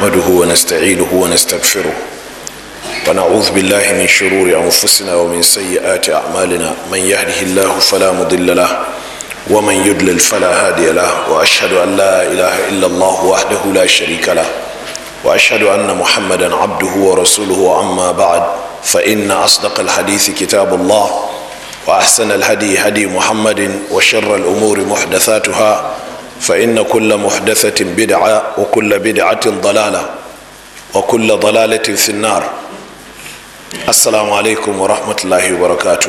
نحمده ونستعينه ونستغفره ونعوذ بالله من شرور انفسنا ومن سيئات اعمالنا من يهده الله فلا مضل له ومن يضلل فلا هادي له واشهد ان لا اله الا الله وحده لا شريك له واشهد ان محمدا عبده ورسوله اما بعد فان اصدق الحديث كتاب الله واحسن الهدي هدي محمد وشر الامور محدثاتها Fa inna kullum muhdasatin wakulla bi da atin dalala, waɗanda wakulla dalalatin tun sinna. Assalamu alaikum wa rahmatulahi wa barakato.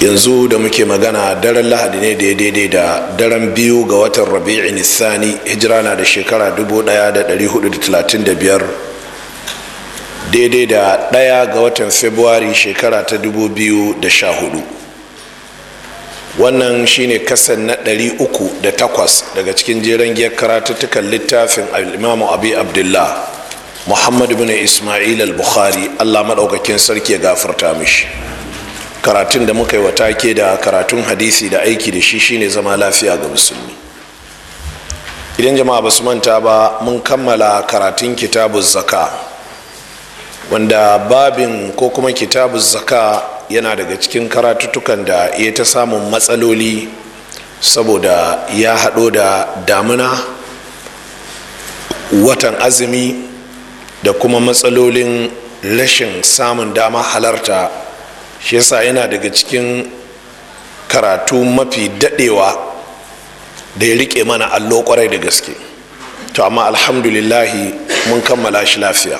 Yanzu da muke magana daren Lahadi ne daidai daidai da daren biyu ga watan rabi'i nisani hijira na da shekara dubu ɗaya da ɗari huɗu da talatin da biyar, daidai da ɗaya ga watan Fabwari shekara ta dubu biyu da sha huɗu. wannan shine kasan na ɗari uku da takwas daga cikin jeren giyar karatuttukan littafin imamu abi abdullah muhammad bin ismail al-bukhari allah maɗaukakin sarki ya gafarta mishi karatun da muka yi wata ke da karatun hadisi da aiki da shi shine zama lafiya ga musulmi idan jama'a ba su manta ba mun kammala karatun kitabu zaka wanda babin ko kuma kitabun zaka yana daga cikin karatuttukan da ya ta samun matsaloli saboda ya haɗo da damuna watan azumi da kuma matsalolin rashin samun dama halarta shi yasa yana daga cikin karatu mafi daɗewa da ya riƙe mana allo kwarai da gaske to amma alhamdulillahi mun kammala shi lafiya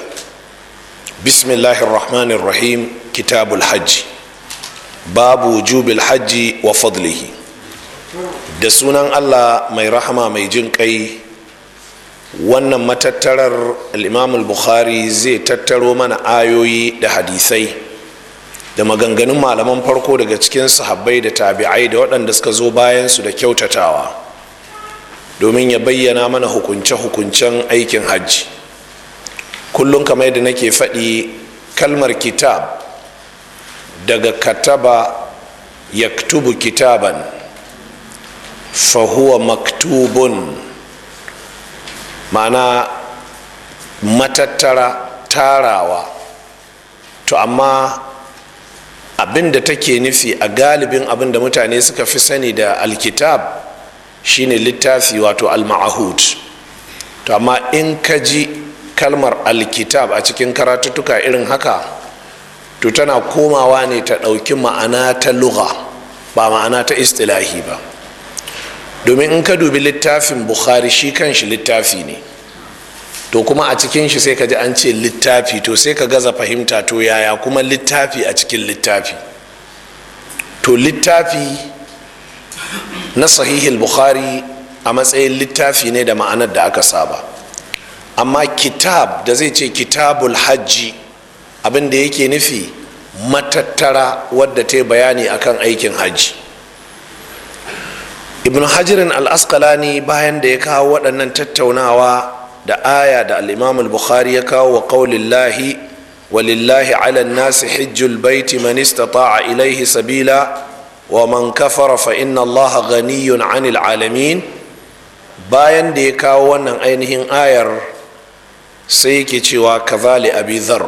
bismillahir rahmanir rahim kitabul hajji babu jubil hajji wa fadlihi da sunan allah mai rahama mai jin kai wannan matattarar al bukhari zai tattaro mana ayoyi da hadisai da maganganun malaman farko daga cikin sahabbai da tabi'ai da waɗanda suka zo bayansu da kyautatawa domin ya bayyana mana hukunce-hukuncen aikin hajji kullum kamar yadda nake faɗi kalmar kitab daga kataba ya yaktubu kitaban fahuwa maktubun ma'ana matattara tarawa to amma abin da take nufi a galibin abin da mutane suka fi sani da alkitab shine littafi wato al-ma'ahud to amma in ka ji kalmar alkitab a cikin karatuttuka irin haka to tana komawa ne ta ɗauki ma'ana ta lugha ba ma'ana ta istilahi ba domin in ka dubi littafin bukhari shi kan shi littafi ne to kuma a cikin shi sai ka ji an ce littafi to sai ka gaza fahimta to yaya kuma littafi a cikin littafi to littafi na sahihil bukhari a matsayin littafi ne da ma'anar da aka saba amma kitab da zai ce kitabul hajji abinda da yake nufi matattara wadda ta bayani akan aikin hajji ibn hajirin al-asqalani bayan da ya kawo waɗannan tattaunawa da aya da al bukhari ya kawo wa wa walillahi ala nasi hijjul baiti man istata'a ilaihi sabila wa man kafara fa inna allaha ghaniyun 'anil alamin bayan da ya kawo wannan ainihin ayar sai yake cewa kazali abi dhar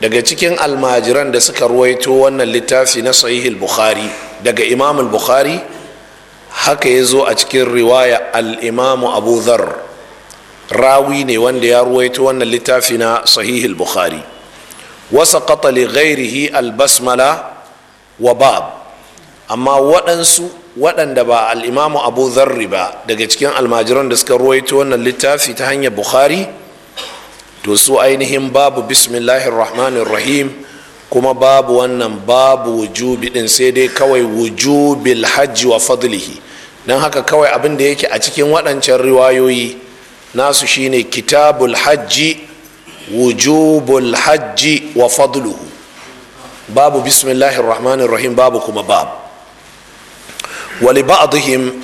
daga cikin almajiran da suka ruwaito wannan littafi na sahihul bukhari daga imam bukhari haka ya zo a cikin riwaya al'imamu abu dhar rawi ne wanda ya ruwaito wannan littafi na sahihul bukhari wasa li gairihi albasmala wa bab amma waɗansu waɗanda ba al'imamu imamu abu dharri ba daga cikin almajiran da suka ruwaito wannan littafi ta hanyar bukhari to su ainihin babu bismillahir rahmanir rahim kuma babu wannan babu wujubi din sai dai kawai wujubil hajji wa fadlihi haka kawai abin da yake a cikin waɗancan riwayoyi nasu shine kitabul hajji wujubul hajji wa fadluhu babu bismillahir rahmanir rahim babu kuma babu wali ba'dihim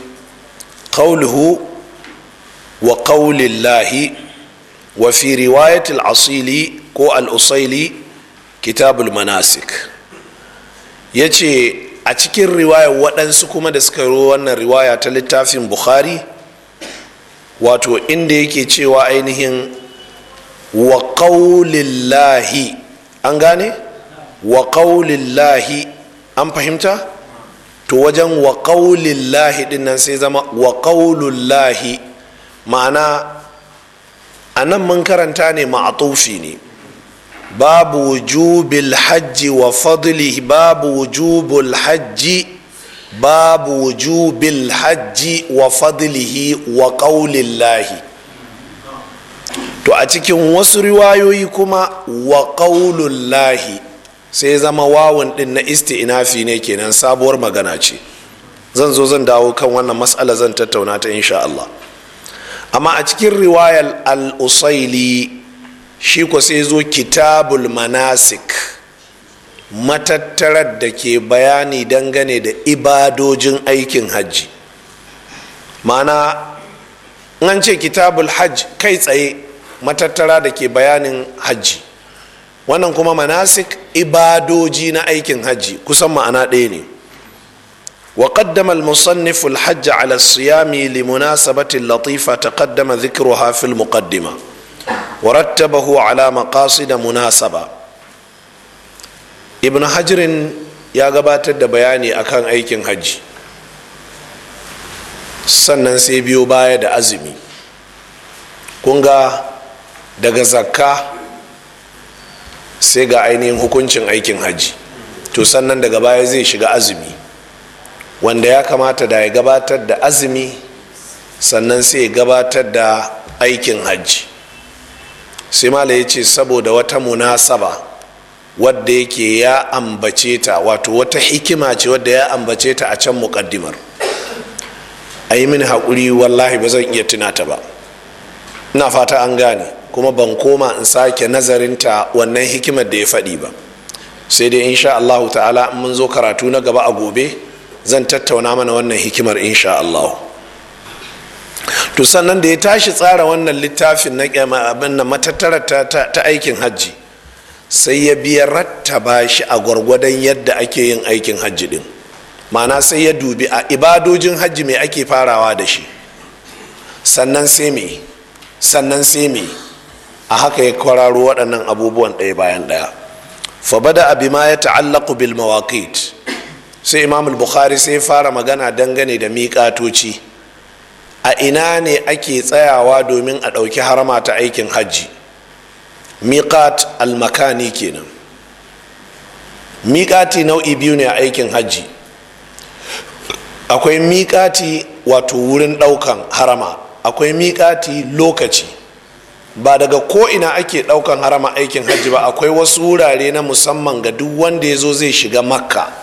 qawluhu wa qawlillahi wa fi riwayatul asili ko al-usaili kitabul manasik ya ce a cikin riwaya waɗansu kuma da suka yi wannan riwaya ta littafin bukhari wato inda yake cewa ainihin wa ƙaulillahi an gane wa ƙaulillahi an fahimta to wajen wa ƙaulillahi ɗin nan sai zama wa ma'ana a nan mun karanta ne ma'atufi ne babu wujubil hajji wa fadlihi babu wujubul hajji babu wujubil hajji wa fadlihi wa qaulillahi to a cikin wasu riwayoyi kuma wa qaulullahi sai zama wawan din na isti'nafi ne kenan sabuwar magana ce zan zo zan dawo kan wannan matsala zan tattauna ta insha Allah amma a cikin riwayar al-usaili shi ko sai zo kitabul manasik matattarar da ke bayani dangane da ibadojin aikin hajji mana an ce kitabul hajj kai tsaye matattara da ke bayanin hajji wannan kuma manasik ibadoji na aikin hajji kusan ma'ana ɗaya ne وقدم المصنف الحج على الصيام لمناسبة لطيفة تقدم ذكرها في المقدمة ورتبه على مقاصد مناسبة ابن حجر ya gabatar da bayani akan aikin hajji sannan sai biyo baya da azumi kunga daga zakka sai ga ainihin hukuncin aikin hajji to sannan daga baya zai shiga azumi wanda ya kamata da ya gabatar da azumi sannan sai ya gabatar da aikin hajji sai mala ya ce saboda wata munasaba wadda yake ya ambace ta wato wata hikima ce wadda ya ambace ta a can muƙaddimar a yi mini haƙuri wallahi ba zan iya tunata ba ina fata an gane kuma ban koma in sake nazarinta wannan hikimar da ya faɗi ba sai dai insha allahu ta'ala mun zo karatu na gaba a gobe zan tattauna mana wannan hikimar insha Allah to sannan da ya tashi tsara wannan littafin na abin na matattara ta, aikin hajji sai ya biya rattaba shi a gwargwadon yadda ake yin aikin hajji din ma'ana sai ya dubi a ibadojin hajji mai ake farawa da shi sannan sai me sannan sai me a haka ya kwararo waɗannan abubuwan ɗaya bayan ɗaya fa bada abi ma ya ta'allaku bil mawaqit sai imam bukhari sai fara magana dangane da miƙatoci a ina ne ake tsayawa domin a ɗauki harama ta aikin hajji miƙat almakani kenan miƙati nau'i biyu ne a aikin hajji akwai miƙati wato wurin ɗaukan harama akwai miƙati lokaci ba daga ko'ina ake ɗaukan harama aikin hajji ba akwai wasu wurare na musamman ga duk wanda ya zo zai shiga makka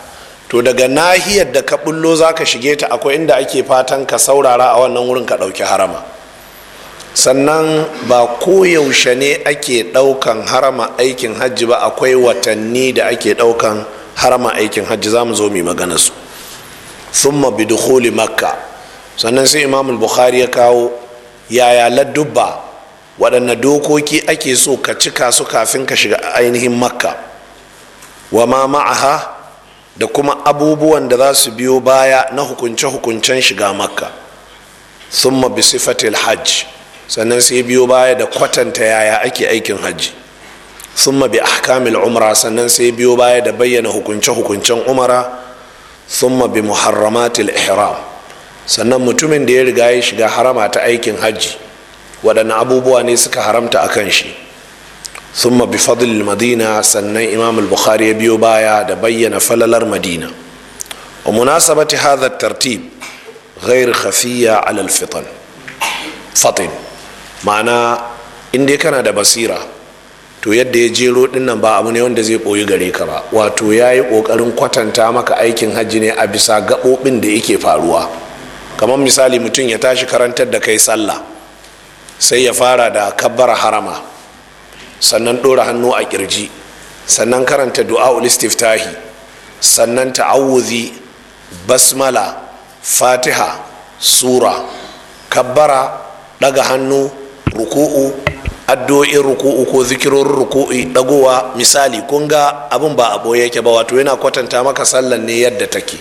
to daga nahiyar da ka bullo za ka shige ta akwai inda ake fatan ka saurara a wannan wurin ka ɗauki harama sannan ba koyaushe ne ake ɗaukan harama aikin hajji ba akwai watanni da ake ɗaukan harama aikin hajji za mu zo mu magana su thumma bi dukhuli makka sannan sai imam bukhari ya kawo yaya ladubba waɗanne dokoki ake so ka cika su kafin ka shiga ainihin makka wa ma ma'aha da kuma abubuwan da za su biyo baya na hukunce-hukuncen shiga makka summa bi sifatil hajj sannan sai biyo baya da kwatanta yaya ake aikin hajji summa bi ahkamil umra sannan sai biyo baya da bayyana hukunce-hukuncen umara summa bi muharramatil ihram sannan mutumin da ya riga ya shiga harama ta aikin hajji waɗanne abubuwa ne suka haramta a kan shi thumma bi fadlil madina sannan imam al-bukhari ya biyo baya da bayyana falalar madina wa munasabati hadha at-tartib ghair khafiya ala al-fitan fatin ma'ana in dai kana da basira to yadda ya jero dinnan ba abu ne wanda zai koyi gare ka ba wato ya yi ƙoƙarin kwatanta maka aikin hajji ne a bisa gaɓoɓin da yake faruwa kamar misali mutum ya tashi karantar da kai sallah sai ya fara da kabbar harama sannan ɗora hannu a ƙirji sannan karanta du'a'ul istiftahi sannan ta'awuzi basmala fatiha sura kabbara ɗaga hannu ruku'u addu'o'in ruku'u ko zikirorin ruku'u ɗagowa misali kun ga abin ba a ɓoye yake ba wato yana kwatanta maka sallan ne yadda take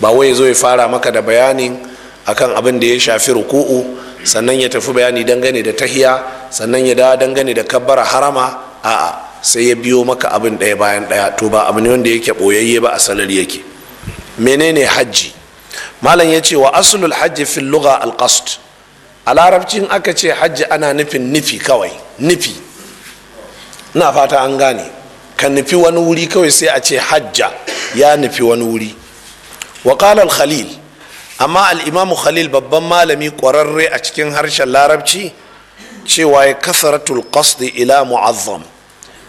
ba wai zo ya fara maka da bayanin akan abin da ya shafi ruku'u sannan ya tafi bayani dangane da tahiya sannan ya dawo dangane da kabbara harama a'a sai ya biyo maka abin ɗaya bayan ɗaya to ba abu ne wanda yake ɓoyayye ba a salar yake menene hajji malam ya ce wa asulul hajji fil lugha al qasd a larabcin aka ce hajji ana nufin nufi kawai nufi na fata an gane ka nufi wani wuri kawai sai a ce hajja ya nufi wani wuri wa al khalil amma al'imamu khalil babban malami ƙwararre a cikin harshen larabci cewa ya kasaratul qasdi ila mu'azzam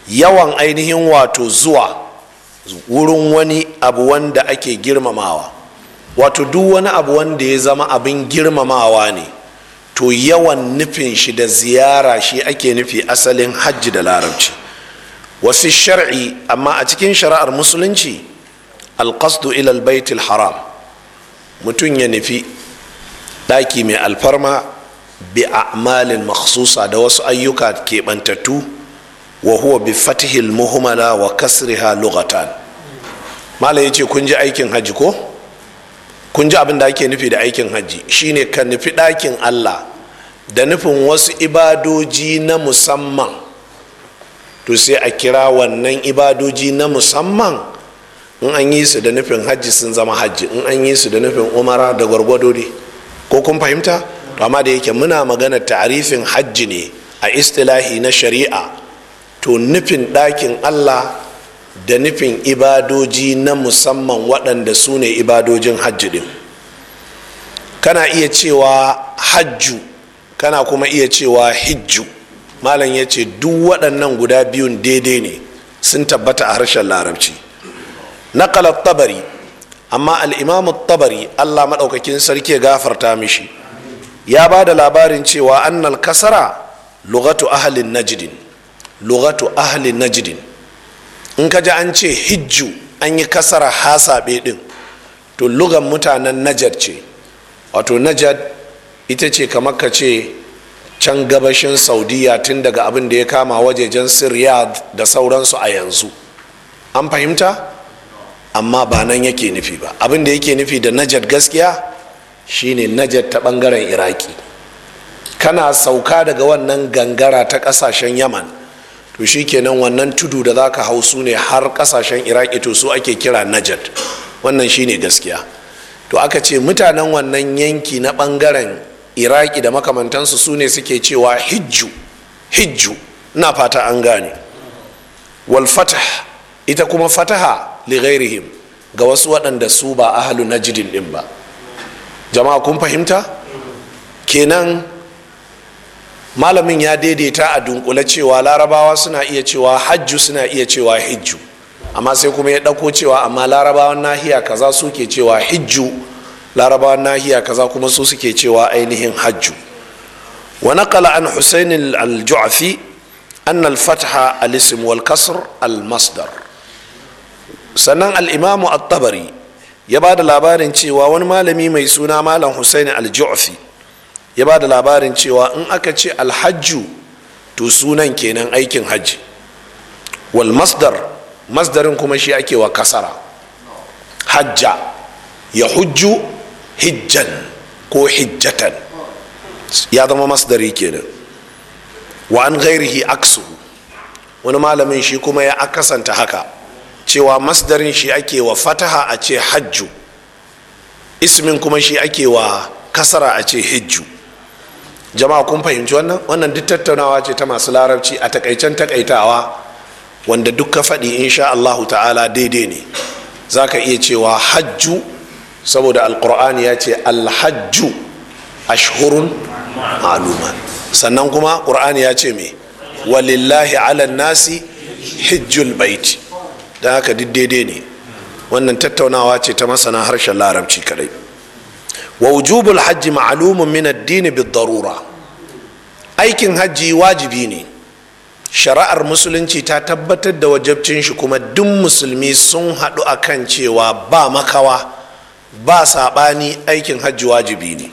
yawan ainihin wato zuwa wurin wani abu wanda ake girmamawa wato duk wani abu wanda ya zama abin girmamawa ne to yawan nufin shi da ziyara shi ake nufi asalin hajji da larabci wasu shar'i amma a cikin shari'ar musulunci alƙasdu ilal baitul haram mutum ya nufi ɗaki mai alfarma bi a'malin maksusa da wasu ayyuka keɓantattu wa huwa bi fatihil muhumala wa kasriha lughatan malam yace kun ji aikin hajji ko kun ji abin da ake nufi da aikin hajji shine ka nufi ɗakin Allah da nufin wasu ibadoji na musamman to sai a kira wannan ibadoji na musamman in an yi su da nufin hajji sun zama hajji in an yi su da nufin umara da gwargwado ne ko kun fahimta to amma da yake muna magana tarifin hajji ne a istilahi na shari'a to nufin ɗakin allah da nufin ibadoji na musamman waɗanda su ne ibadojin hajji ɗin kana iya cewa hajju kana kuma iya cewa hijju malam ya ce duk waɗannan guda biyun daidai ne sun tabbata a harshen larabci naqala tabari amma al tabari Allah maɗaukakin sarki ya gafarta mishi ya ba da labarin cewa annal kasara lugatu ahlin najdin lugatu ahlin najdin in ka ji an ce hijju an yi kasara saɓe ɗin. to lugan mutanen Najad ce wato najad ita ce kamar ka ce can gabashin saudiya tun daga abin da ya kama wajejen siryad da sauransu a yanzu an fahimta amma ba nan yake nufi ba abin da yake nufi da najat gaskiya shine najat ta bangaren iraki kana sauka daga wannan gangara ta kasashen yaman to shikenan wannan tudu da zaka hau su ne har kasashen iraki to su ake kira najat wannan shine gaskiya to aka ce mutanen wannan yanki na bangaren iraki da makamantansu su ne suke cewa hijju hijju na fata an gane wal ita kuma fataha lighairihim ga wasu waɗanda su ba ahalu najidin ɗin ba jama'a kun fahimta kenan malamin ya daidaita a dunkule cewa larabawa suna iya cewa hajju suna iya cewa hijju amma sai kuma ya ɗauko cewa amma larabawan nahiya kaza ke cewa hijju larabawan nahiya kaza kuma su suke cewa ainihin hajju Wani kala an husain al juafi an al-fatha al-ism al-masdar sannan al'imamu at-tabari ya ba da labarin cewa wani malami mai suna malam husaini al-ju'fi ya ba da labarin cewa in aka ce alhajju to sunan kenan aikin hajji wal masdar masdarin kuma shi ake wa kasara hajja ya hujju hijjan ko hijjatan ya zama masdari kenan wa an ghairihi aksu wani malamin shi kuma ya akasanta haka cewa masdarin shi ake wa fataha a ce hajju ismin kuma shi ake wa kasara a ce hijju jama'a kun fahimci wannan wannan duk tattaunawa ce ta masu larabci a takaicen takaitawa wanda duk ka faɗi insha Allahu ta'ala daidai ne za ka iya cewa hajju saboda alkur'ani ya ce alhajju ashhurun ma'aluma sannan kuma ƙur'ani ya ce me walillahi ala nasi hijjul baiti da haka duk daidai ne wannan tattaunawa ce ta masana harshen larabci kadai wa wujubul hajji ma'lumun min addini bid darura aikin hajji wajibi ne shari'ar musulunci ta tabbatar da wajabcin shi kuma duk musulmi sun haɗu akan cewa ba makawa ba saɓani aikin hajji wajibi ne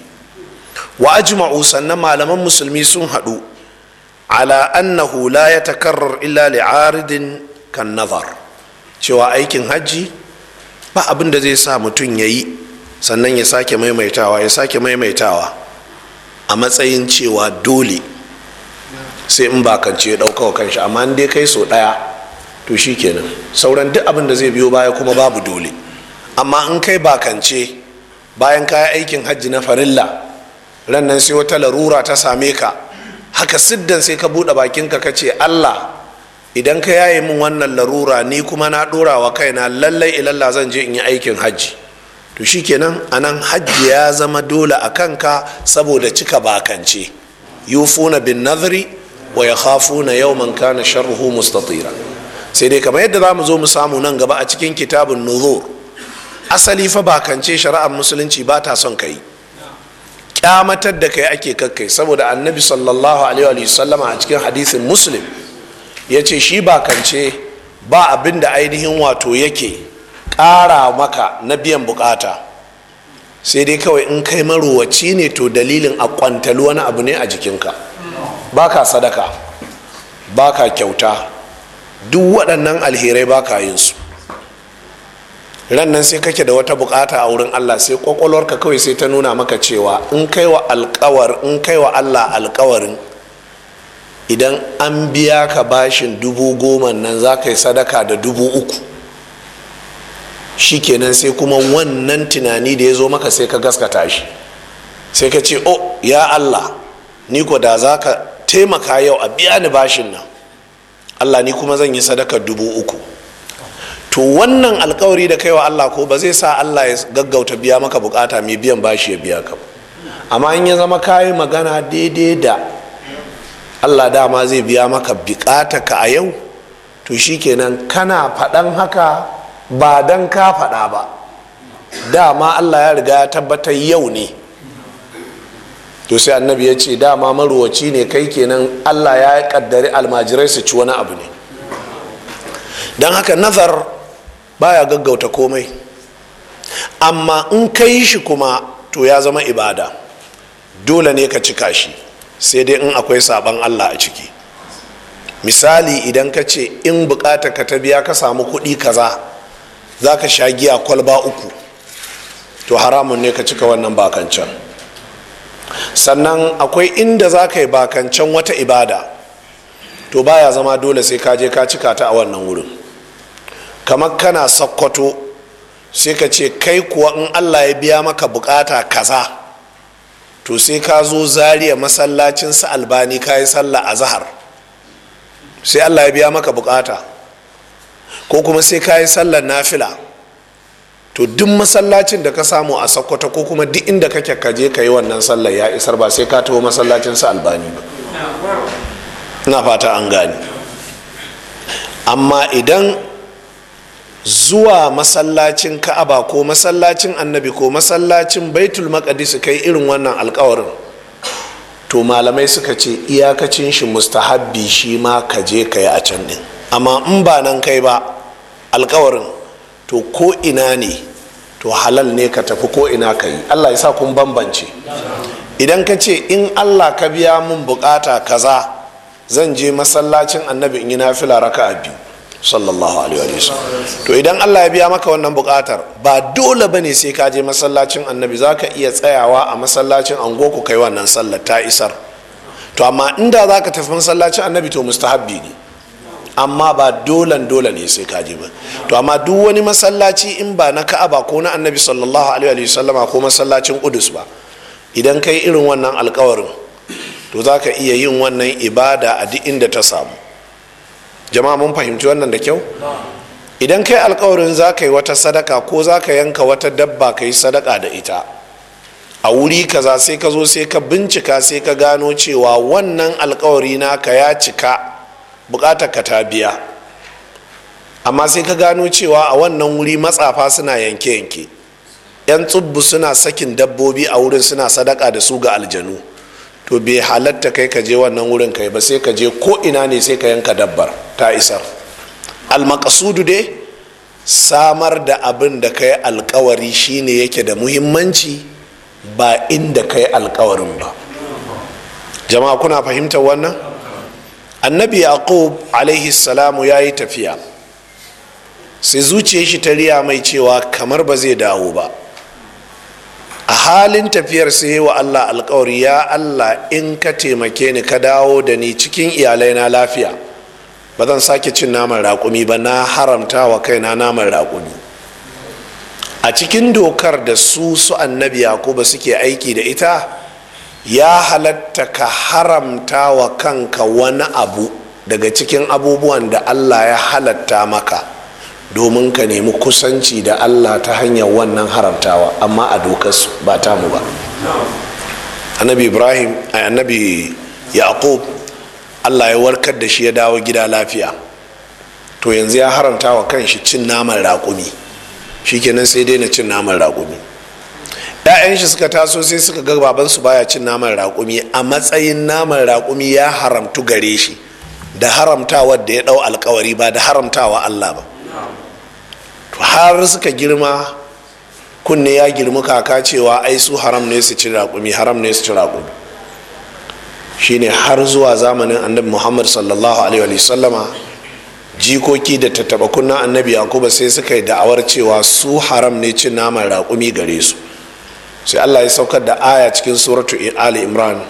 wa ajma'u sannan malaman musulmi sun haɗu ala annahu la ya takarrar illa li'aridin kan nazar cewa aikin hajji ba abin da zai sa mutum ya yi sannan ya sake maimaitawa ya sake maimaitawa a matsayin cewa dole sai in bakance ya ɗauka kanshi amma in dai kai so ɗaya to shi kenan sauran duk abin da zai biyo baya kuma babu dole amma in kai bakance bayan kaya aikin hajji na farilla ran nan sai wata larura ta same ka haka siddan sai ka buɗe bakinka ka ce allah idan ka yaye min wannan larura ni kuma na dora wa kaina lallai ilalla zan je in yi aikin hajji to shikenan anan hajji ya zama dole a kanka saboda cika bakance yufuna bin nadhri wa yakhafuna yawman kana sharruhu mustatira sai dai kamar yadda mu zo mu samu nan gaba a cikin kitabun nuzur asali fa bakance shari'ar musulunci ba ta son kai kyamatar da kai ake kakkai saboda annabi sallallahu alaihi wa sallama a cikin hadisin muslim ya ce shi bakance ba abin da ainihin wato yake ƙara maka na biyan bukata sai dai kawai in kai marowaci ne to dalilin a kwantalu wani abu ne a jikinka baka sadaka baka kyauta duk waɗannan alherai baka yin su ran nan sai kake da wata bukata a wurin Allah sai kwakwalwarka kawai sai ta nuna maka cewa in kai wa in kai wa Allah alkawarin idan an biya ka bashin dubu goma nan za ka yi sadaka da dubu uku Shi shikenan sai kuma wannan tunani da ya zo maka sai ka gaskata shi sai ka ce oh ya allah ni ko da za ka taimaka yau a biya ni bashin nan allah ni kuma zan yi sadaka dubu uku to wannan alkawari da kaiwa allah ko ba zai sa allah ya gaggauta biya maka bukata mai biyan bashi ya biya ka amma in ya zama kayi magana daidai da allah dama zai biya maka ka a yau to shi shikenan kana faɗan haka ba don ka faɗa ba dama allah ya riga ya tabbatar yau ne to sai annabi ya ce dama maruwaci ne kai kenan allah ya kaddari almajirai su ci wani abu ne don haka nazar baya gaggauta komai amma in ka yi shi kuma to ya zama ibada dole ne ka cika shi sai dai in akwai saban allah a ciki misali idan ka ce in bukata ka ta biya ka samu kuɗi kaza za ka sha giya kwalba uku to haramun ne ka cika wannan bakancan sannan akwai inda za ka yi bakancan wata ibada to baya zama dole sai ka je ka cika ta a wannan wurin kamar kana sakkwato sai ka ce kai kuwa in allah ya biya maka bukata kaza to sai ka zo zariya masallacin sa albani ka yi sallah a zahar sai allah ya biya maka bukata ko kuma sai ka yi sallar nafila to duk masallacin da ka samu a sakkwata ko kuma duk inda kake ka je ka yi wannan sallar ya isar ba sai ka taho masallacin sa albani ba na fata an gani amma idan zuwa masallacin ka'aba ko masallacin annabi ko masallacin baitul maqdis kai irin wannan alkawarin to malamai suka ce iyakacin shi mustahabbi shi ma ka je ka yi a can din amma in ba nan kai ba alkawarin to ko ina ne to halal ne ka tafi ko ina ka yi allah ya sa kun bambance idan ka ce in allah ka biya mun bukata kaza zan je masallacin annabi in yi nafila raka'a biyu sallallahu alaihi wasallam to idan Allah ya biya maka wannan bukatar ba dole bane sai ka je masallacin annabi zaka iya tsayawa a masallacin ango ku kai wannan sallar ta isar to amma inda zaka tafi masallacin annabi to mustahabbi ne amma ba dolan dole ne sai ka je ba to amma duk wani masallaci in ba na Ka'aba ko na annabi sallallahu alaihi wa sallama ko masallacin Qudus ba idan kai irin wannan alkawarin to zaka iya yin wannan ibada a duk inda ta samu jama'a mun fahimci wannan da kyau idan kai alkawarin za ka yi wata sadaka ko za ka yanka wata dabba ka yi sadaka da ita a wuri kaza sai ka zo sai ka bincika sai ka gano cewa wannan alkawari naka ya cika bukatar ka ta biya amma sai ka gano cewa a wannan wuri matsafa suna yanke-yanke 'yan tsubbu suna sakin dabbobi a wurin suna sadaka da su ga aljanu to bai halatta kai ka je wannan wurin kai ba sai ka je ko ina ne sai ka yanka dabbar ta isar almakasudu dai samar da abin da kai alkawari shine yake da muhimmanci ba inda kai alkawarin ba jama'a kuna fahimtar wannan annabi yaqub alaihi salamu ya yi tafiya sai zuciya shi ta riya mai cewa kamar ba zai dawo ba a halin tafiyar sai wa allah alkawari ya allah in ka taimake ni ka dawo da ni cikin iyalai na lafiya ba zan sake cin naman raƙumi ba na haramta wa kaina naman raƙumi a cikin dokar da su su annabi ba suke aiki da ita ya halatta ka haramta wa kanka wani abu daga cikin abubuwan da allah ya halatta maka domin ka nemi kusanci da allah ta hanyar wannan haramtawa amma a dokarsu ba ta mu ba annabi ibrahim annabi yaqub allah ya warkar da shi ya dawo gida lafiya to yanzu ya haramta wa kanshi cin naman raƙumi shikenan sai daina cin naman raƙumi ‘ya'yan shi suka taso sai suka ga babansu baya cin naman raƙumi a matsayin naman raƙumi ya haramtu gare shi da haramtawa da ya ɗau alkawari ba da haramtawa allah ba har suka girma kunne ya girma kaka cewa ai su haram ne su ci raƙumi haram ne su ci raƙumi shine har zuwa zamanin annabi muhammad sallallahu alaihi wa sallama jikoki da tattaba kunna annabi yakuba sai suka yi da'awar cewa su haram ne cin naman raƙumi gare su sai allah ya saukar da aya cikin suratu ali imran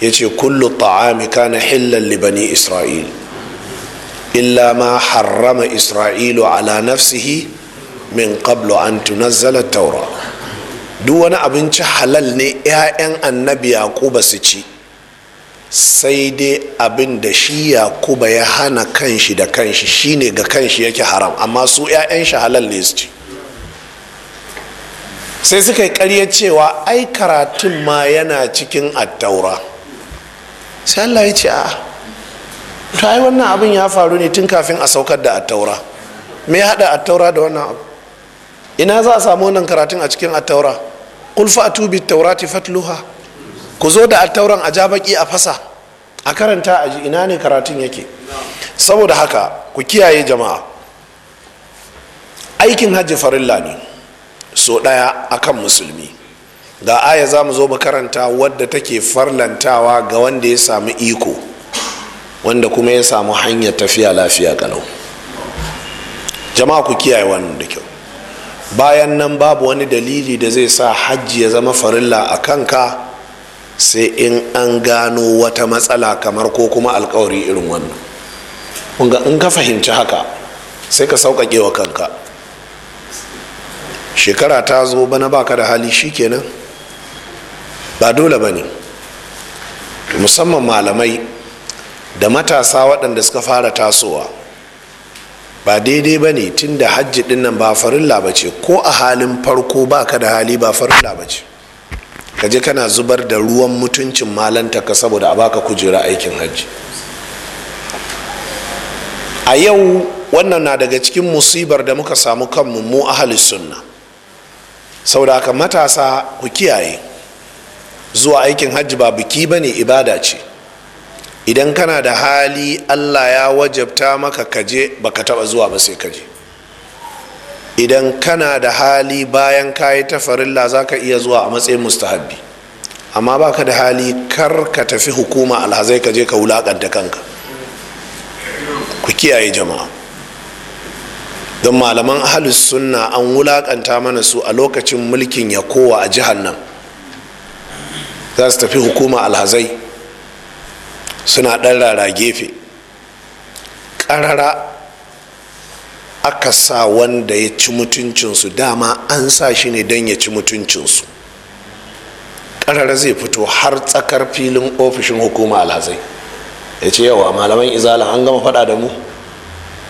ya ce kullu ta'ami na hillan libani isra'il illa ma harrama isra'ilu ala nafsihi min qablu an tunazzala taura duk wani abinci halal ne 'ya'yan annabi yaquba su ci sai dai abin da shi yaquba ya hana kanshi da kanshi shine ga kanshi yake haram amma su 'ya'yan shi halal ne su ci sai suka yi karya cewa ai karatun ma yana cikin attaura sai allah ya ce a'a to ai wannan abin ya faru ne tun kafin a saukar da attaura me ya hada attaura da wannan abu ina za a samu wannan karatun a cikin attaura qul fa'tu bit taurati fatluha ku zo da attauran a jabaki a fasa a karanta a ji ina ne karatun yake saboda haka ku kiyaye jama'a aikin hajji farilla ne so daya akan musulmi ga aya za mu zo mu karanta wadda take farlantawa ga wanda ya samu iko wanda kuma ya samu hanyar tafiya lafiya kalau jama'a ku kiyaye wannan da kyau bayan nan babu wani dalili da zai sa hajji ya zama farilla a kanka sai in an gano wata matsala kamar ko kuma alkawari irin wannan kunga in ka fahimci haka sai ka sauƙaƙe wa kanka shekara ta zo bana baka da hali shi shikenan ba dole ba ne musamman malamai da matasa waɗanda suka fara tasowa ba daidai ba ne tun da hajji ɗin ba farilla ba ko a halin farko ba ka da hali ba farilla ba ka je kana zubar da ruwan mutuncin malanta ka saboda a baka kujera aikin hajji a yau wannan na daga cikin musibar da muka samu kanmu mu ahalis sunna saboda aka matasa ku kiyaye zuwa aikin hajji ba biki ba ne ibada ce idan kana da hali allah ya wajabta maka kaje baka taba zuwa ba sai kaje idan kana da hali bayan kayi ta farilla za ka iya zuwa a matsayin mustahabbi amma baka da hali kar ka tafi hukuma alhazai kaje ka wulakanta kanka ku kiyaye jama'a don malaman ahalus sunna an wulakanta mana su a lokacin mulkin yakowa a jihar nan za su tafi hukuma alhazai suna ɗan rara gefe ƙarara aka sa wanda ya ci mutuncinsu dama an sa shi ne don ya ci mutuncinsu ƙarara zai fito har tsakar filin ofishin hukuma alhazai ya ce yawa malaman izala an gama faɗa da mu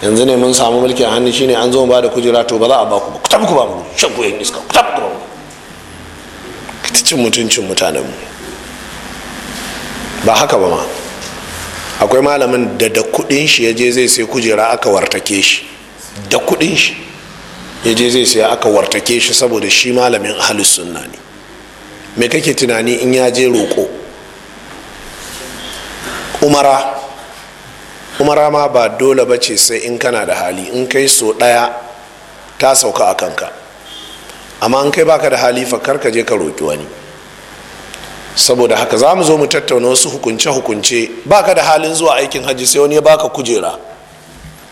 yanzu ne mun samu mulki a hannu shine an zo ba da kujera to ba za a ba ku ku tafi ku ba mu shan ku yan iska ku tafi ku ba mu cin mutuncin mutanenmu ba haka ba ma akwai malamin da da kudin shi ya je zai sai kujera aka wartake shi da kudin shi ya je zai sai aka wartake shi saboda shi malamin ahalus sunna ne me kake tunani in ya je roƙo umara umara ma ba dole ba ce sai in kana da hali in kai so ɗaya ta sauka a kanka amma in kai baka da hali fa kar ka je ka roƙi wani saboda haka za mu zo mu tattauna wasu hukunce-hukunce ba ka da halin zuwa aikin hajji sai wani ya baka kujera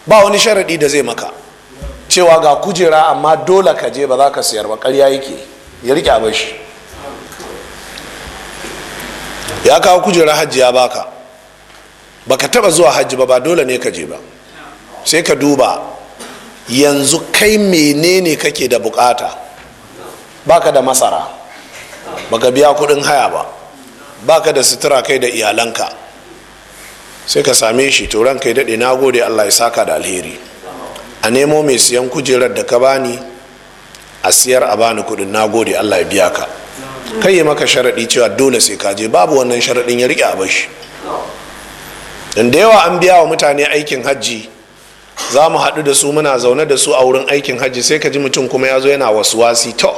ba wani sharaɗi da zai maka cewa ga kujera amma dole ka je ba za ka siyar ba ƙarya yake ya riƙe a shi ya kawo kujera hajji ya baka baka taba zuwa hajji ba ba dole ne ka je ba sai ka duba yanzu kai menene kake da bukata baka da masara baka biya kudin haya ba baka da sutura kai da iyalanka sai ka same shi to ranka ya daɗe na gode allah ya saka da alheri a nemo mai siyan kujerar da ka bani a siyar a bani kudin na gode allah ya biya ka kai yi maka sharaɗi cewa dole sai ka je babu wannan sharaɗin ya riƙe a bashi don da yawa an biya wa mutane aikin hajji za mu haɗu da su muna zaune da su a wurin aikin hajji sai ka ji mutum kuma ya zo yana wasu wasi to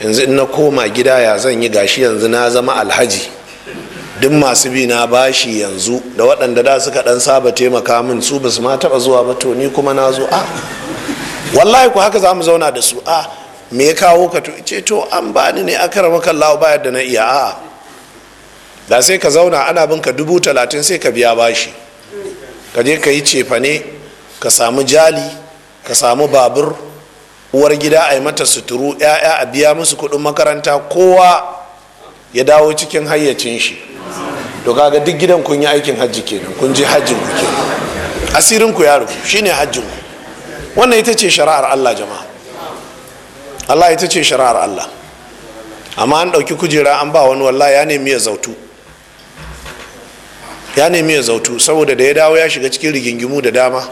yanzu in na koma gida ya zan yi gashi yanzu na zama alhaji duk masu bi na bashi yanzu da waɗanda da suka ɗan saba taimaka min su ba su ma taɓa zuwa ba to ni kuma na zo a ah, wallahi ku haka za mu zauna da su a ah, me ya kawo ka to ce to an bani ne aka rama kan lawa bayar da na iya a ah, da sai ka zauna ana bin ka dubu talatin sai ka biya bashi ka je ka yi cefane ka samu jali ka samu babur uwar gida a yi mata suturu 'ya'ya a biya musu kuɗin makaranta kowa ya dawo cikin hayyacin shi to kaga duk gidan kun yi aikin hajji kenan kun je hajjin ku kenan asirin ku ya rufu shine hajjin ku wannan ita ce shari'ar Allah jama'a Allah ita ce shari'ar Allah amma an ɗauki kujera an ba wani wallahi ya nemi ya zautu ya nemi ya zautu saboda da ya dawo ya shiga cikin rigingimu da dama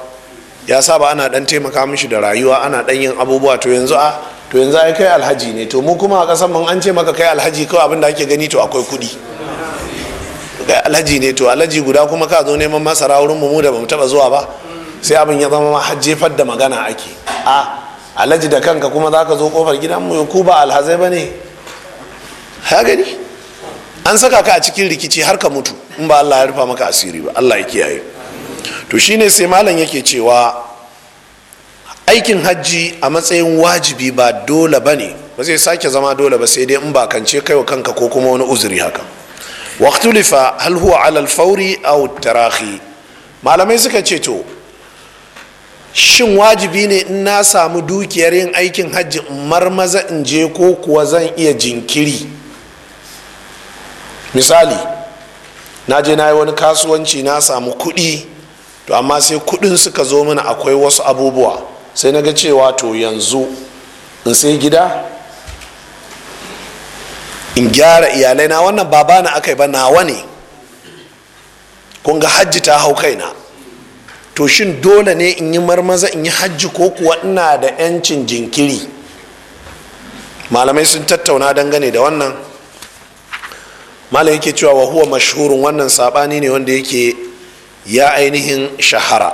ya saba ana dan taimaka mishi da rayuwa ana dan yin abubuwa to yanzu a to yanzu ai kai alhaji ne to mu kuma a kasan mun an ce maka kai alhaji kawai abin da ake gani to akwai kudi. kai alhaji ne to alhaji guda kuma ka zo neman masara wurin mu da bamu taba zuwa ba sai abin ya zama ma jefar da magana ake a alhaji da kanka kuma zaka zo kofar gidan mu ku ba alhazai bane ha gani an saka ka a cikin rikici har ka mutu in ba Allah ya rufa maka asiri ba Allah ya kiyaye to shine sai malam yake cewa aikin hajji a matsayin wajibi ba dole ba ne ba zai sake zama dole ba sai dai in ba kance kaiwa kanka ko kuma wani uzuri haka waktulifa hal huwa ala alfauri aw tarahi malamai suka ce to shin wajibi ne in na samu dukiyar yin aikin hajji in marmaza in je ko kuwa zan iya jinkiri misali na je na yi wani kasuwanci na samu kuɗi to amma sai kudin suka zo mana akwai wasu abubuwa sai na ga cewa to yanzu in sai gida in gyara iyalai na wannan baba na aka yi ba nawa ne kun ga hajji ta hau kaina to shin dole ne in yi marmaza in yi hajji ko kuwa ina da 'yancin jinkiri malamai sun tattauna dangane da wannan malam yake cewa wa huwa wannan sabani ne wanda yake ya ainihin shahara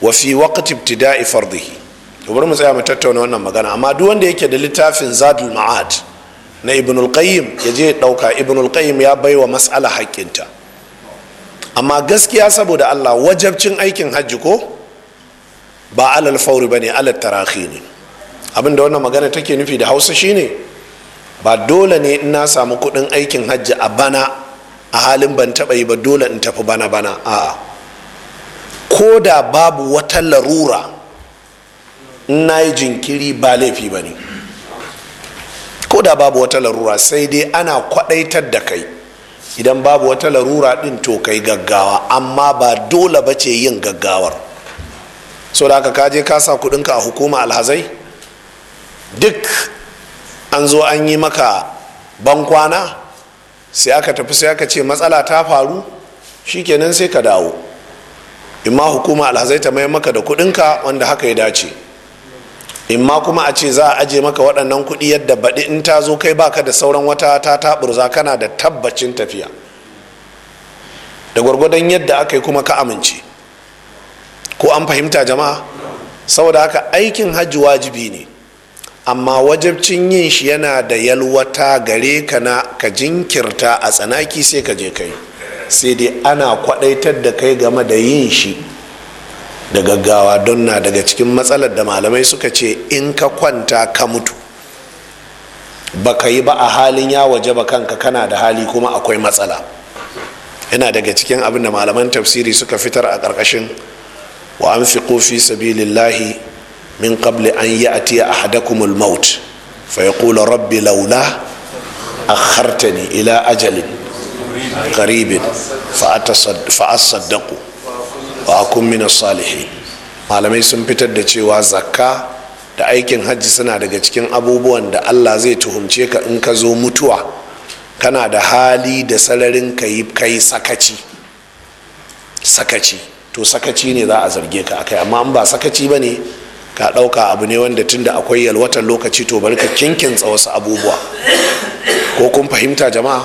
wa fi waqti ibtida'i fardihi to bari mu tsaya mu tattauna wannan magana amma duk wanda yake da littafin zadul ma'ad na ibn al ya je dauka ibn al-qayyim ya baiwa mas'ala haƙƙinta amma gaskiya saboda Allah wajabcin aikin hajji ko ba alal fauri bane alal tarahi ne abinda wannan magana take nufi da Hausa shine ba dole ne in na samu kuɗin aikin hajji a bana a halin ban taba yi ba dole in tafi bana bana A ko da babu wata larura na yi jinkiri ba laifi ba ne ko da babu wata larura sai dai ana kwaɗaitar da kai idan babu wata larura ɗin to kai gaggawa amma ba dole ba ce yin gaggawar so da aka kaje ka sa kuɗinka a hukuma alhazai duk an zo an yi maka bankwana sai aka tafi sai aka ce matsala ta faru shi shikenan sai ka dawo imma hukuma alhazai ta mai maka da kudinka wanda haka ya dace imma kuma a ce za a aje maka waɗannan kuɗi yadda baɗi in ta zo kai baka da sauran wata ta taɓurza kana da tabbacin tafiya da gwargwadon yadda aka yi kuma ka amince ko an fahimta jama'a saboda haka aikin hajji wajibi ne amma wajabcin yin shi yana da yalwata gare ka na ka jinkirta a tsanaki sai ka je kai sai dai ana kwadaitar da kai game da yin shi da gaggawa don na daga cikin matsalar da malamai suka ce in ka kwanta ka mutu baka yi ba a halin ya waje ba kanka kana da hali kuma akwai matsala yana daga cikin abin da malaman tafsiri suka fitar a ƙarƙashin wa an fi sabilillahi min kabli an hada ahadakumul maut fa kula rabbi laula akhartani ila ajalin karibin fa asaddaqu wa salihi. malamai sun fitar da cewa zakka da aikin hajji suna daga cikin abubuwan da Allah zai tuhumce ka in ka zo mutuwa kana da hali da sararin ka yi kai sakaci sakaci to sakaci ne za a zarge ka akai amma an ba sakaci ba ne ka ɗauka abu ne wanda tunda akwai yalwatan lokaci to bari ka kinkinsa wasu abubuwa ko kun fahimta jama'a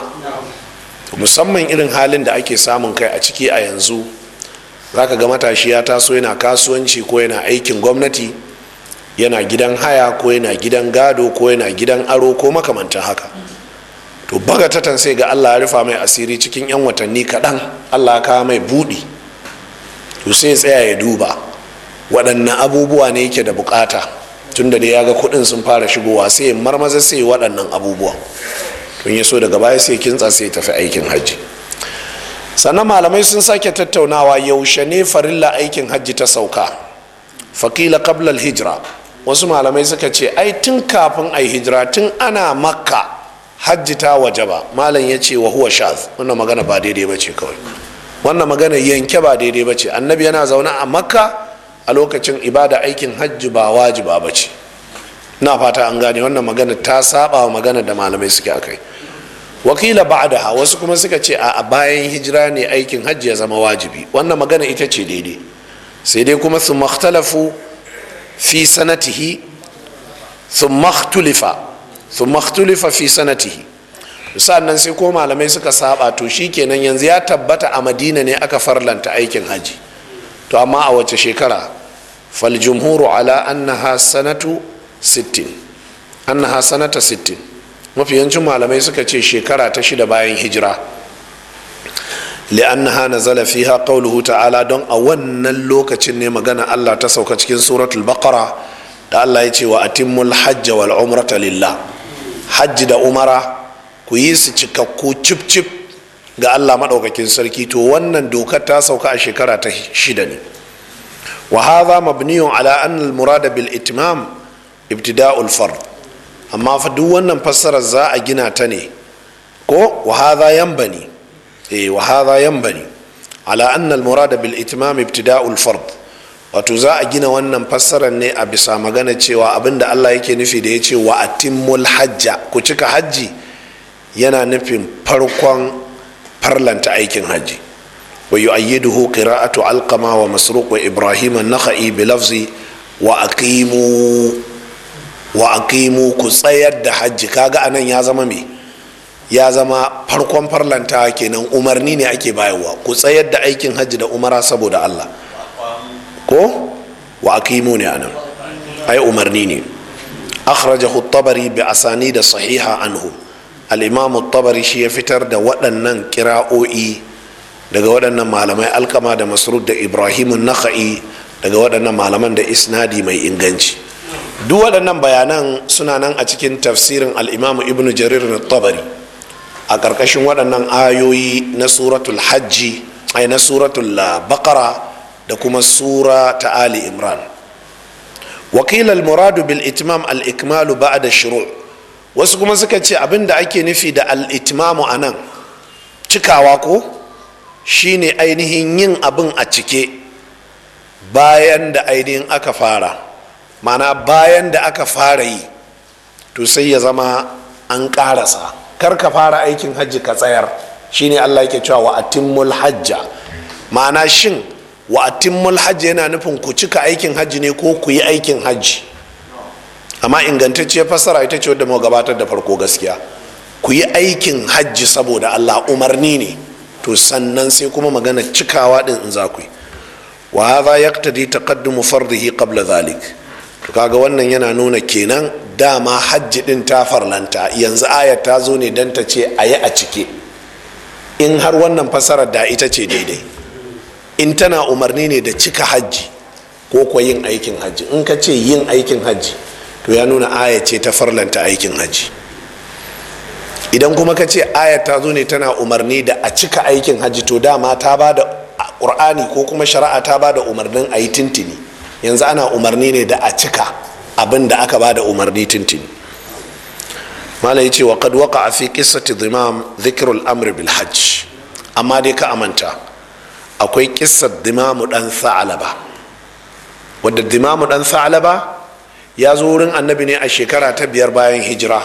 musamman irin halin da ake samun kai a ciki a yanzu zaka ga matashi ya taso yana kasuwanci ko yana aikin gwamnati yana gidan haya ko yana gidan gado ko yana gidan aro ko makamantan haka to baga tatan sai ga allah ya rufa mai asiri cikin 'yan watanni kaɗan allah ya kawo mai buɗi to sai tsaya ya duba waɗanne abubuwa ne yake da bukata tun da ya ga kuɗin sun fara shigowa sai marmaza sai waɗannan abubuwa tun ya so daga baya sai kintsa sai tafi aikin hajji sannan malamai sun sake tattaunawa yaushe ne farilla aikin hajji ta sauka Fakila qablal hijira wasu malamai suka ce ai tun kafin ai hijira tun ana makka hajji ta wajaba malam ya ce wa huwa shaz wannan magana ba daidai ba ce kawai wannan magana yanke ba daidai ba ce annabi yana zaune a makka a lokacin ibada aikin hajji ba wajiba ba ce na fata an gane wannan magana ta saba wa magana da malamai suke a kai wakila ba'adaha wasu kuma suka ce a bayan hijira ne aikin hajji ya zama wajibi wannan magana ita ce daidai sai dai kuma su makhtalafu fi sanatihi su makhtulifa su makhtulifa fi sanatihi sannan sai ko malamai suka saba to shi shikenan yanzu ya tabbata a madina ne aka farlanta aikin hajji to amma a wace shekara fal jumhuru ala annaha sanatu 60 annaha sanata 60 mafi yancin malamai suka ce shekara ta shida bayan hijira li'annaha nazala fiha qawluhu ta'ala don a wannan lokacin ne magana Allah ta sauka cikin suratul baqara da Allah ya ce wa atimmul hajja wal umrata lillah hajji da umara ku yi su cikakku cip cip ga allah maɗaukakin sarki to wannan dokar ta sauka a shekara ta shida ne wa hadha mabniyun ala an al bil itmam ibtida'ul fard amma fa duk wannan fassara za a gina ta ne ko wa hadha yanbani eh wa hadha yanbani ala an al bil itmam ibtida'ul fard wato za a gina wannan fassarar ne a bisa magana cewa abinda Allah yake nufi da ya ce wa atimul hajja ku cika hajji yana nufin farkon farlanta aikin hajji wa yu'ayyiduhu qira'atu alqama wa masruq wa ibrahim an-nakhai bi lafzi wa aqimu wa aqimu ku tsayar da hajji kaga anan ya zama me ya zama farkon farlanta kenan umarni ne ake bayarwa ku tsayar da aikin hajji da umara saboda Allah ko wa aqimu ne anan ai umarni ne akhrajahu at-tabari bi asani da sahiha anhu al'imamu tabari shi ya fitar da waɗannan kira'o'i daga waɗannan malamai alkama da masrud da ibrahim naka'i daga waɗannan malaman da isnadi mai inganci duk waɗannan bayanan suna nan a cikin tafsirin al'imamu ibnu jarir na tabari a ƙarƙashin waɗannan ayoyi na suratul hajji ai na suratul ah, bakara da kuma sura ta ali imran wakilal muradu bil itmam al ikmalu ba'da shuru' wasu kuma suka ce abin da ake nufi da al’itimamu a nan cikawa ko shine ainihin yin abin a cike bayan da ainihin aka fara mana bayan da aka fara yi to sai ya zama an karasa kar ka fara aikin hajji ka tsayar Shi ne allah yake cewa wa atimul hajja ma'ana shin wa atimul hajji yana nufin ku cika aikin hajji ne ko ku yi aikin hajji amma ingantacciyar fassara ita ce wadda mu gabatar da farko gaskiya ku yi aikin hajji saboda allah umarni ne to sannan sai kuma magana cikawa din in za ku yi wa hadha yaqtadi taqaddumu fardihi kabla zalik. to kaga wannan yana nuna kenan dama hajji ɗin ta farlanta yanzu ayat ta zo ne don ta ce a yi a cike in har wannan fasarar da ita ce daidai in tana umarni ne da cika hajji ko kwa yin aikin hajji in ka ce yin aikin hajji to ya nuna aya ce ta farlanta aikin haji idan kuma ka ce aya ta zo ne tana umarni da a cika aikin haji to dama ta ba da ƙur'ani ko kuma shari'a ta ba da umarnin a yi tintini yanzu ana umarni ne da a cika abin da aka ba da umarni tintini mala ya ce wa kad waka a fi ta zimam zikirul amri bil hajji amma dai ka amanta akwai kisa dimamu dan sa'alaba wadda dimamu dan sa'alaba ya zo wurin annabi ne a shekara ta biyar bayan hijira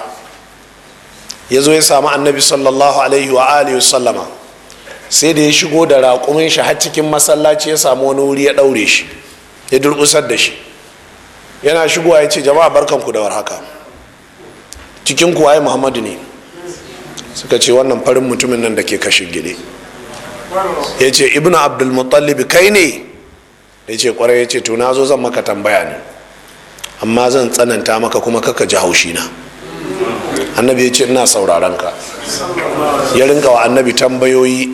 ya zo ya samu annabi sallallahu alaihi wa alihi sallama sai da ya shigo da raƙumin shi har cikin masallaci ya samu wani wuri ya ɗaure shi ya durƙusar da shi yana shigowa ya ce jama'a ku da warhaka cikin kuwa muhammadu ne suka ce wannan farin mutumin nan da ke kashe gide ya ce ibnu abdulmuttalib kai ne ya ce kwarai ya ce to na zo zan maka tambaya ne amma zan tsananta maka kuma kaka ji haushi na annabi ya ce ina sauraron ka ya rinka wa annabi tambayoyi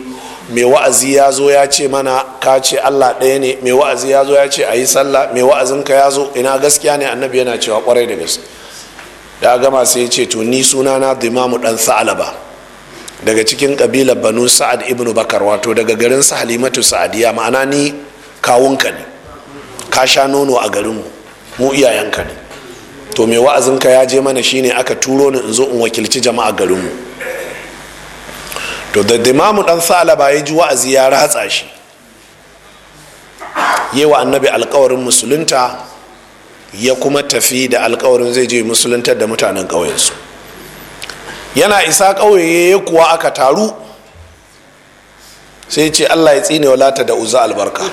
mai wa'azi ya zo ya ce mana ka ce allah ɗaya ne mai wa'azi ya zo ya ce a yi sallah mai wa'azinka ya zo ina gaskiya ne annabi yana cewa kwarai da gaske da gama sai ya ce to ni suna na dimamu dan sa'alaba daga cikin kabilar banu sa'ad ibnu bakar wato daga garin sa halimatu sa'adiya ma'ana ni kawunka ne ka sha nono a garinmu mu iyayenka ne to me wa'azinka ya je mana shine aka turo ni in zo in wakilci jama'a garin mu, to da dimamu dan salaba ya ji wa'azi ya ratsa shi wa annabi alkawarin musulunta ya kuma tafi da alkawarin zai je musuluntar da mutanen ƙauyensu yana isa ƙauye ya kuwa aka taru sai ce allah ya tsine wa lata da uza albarka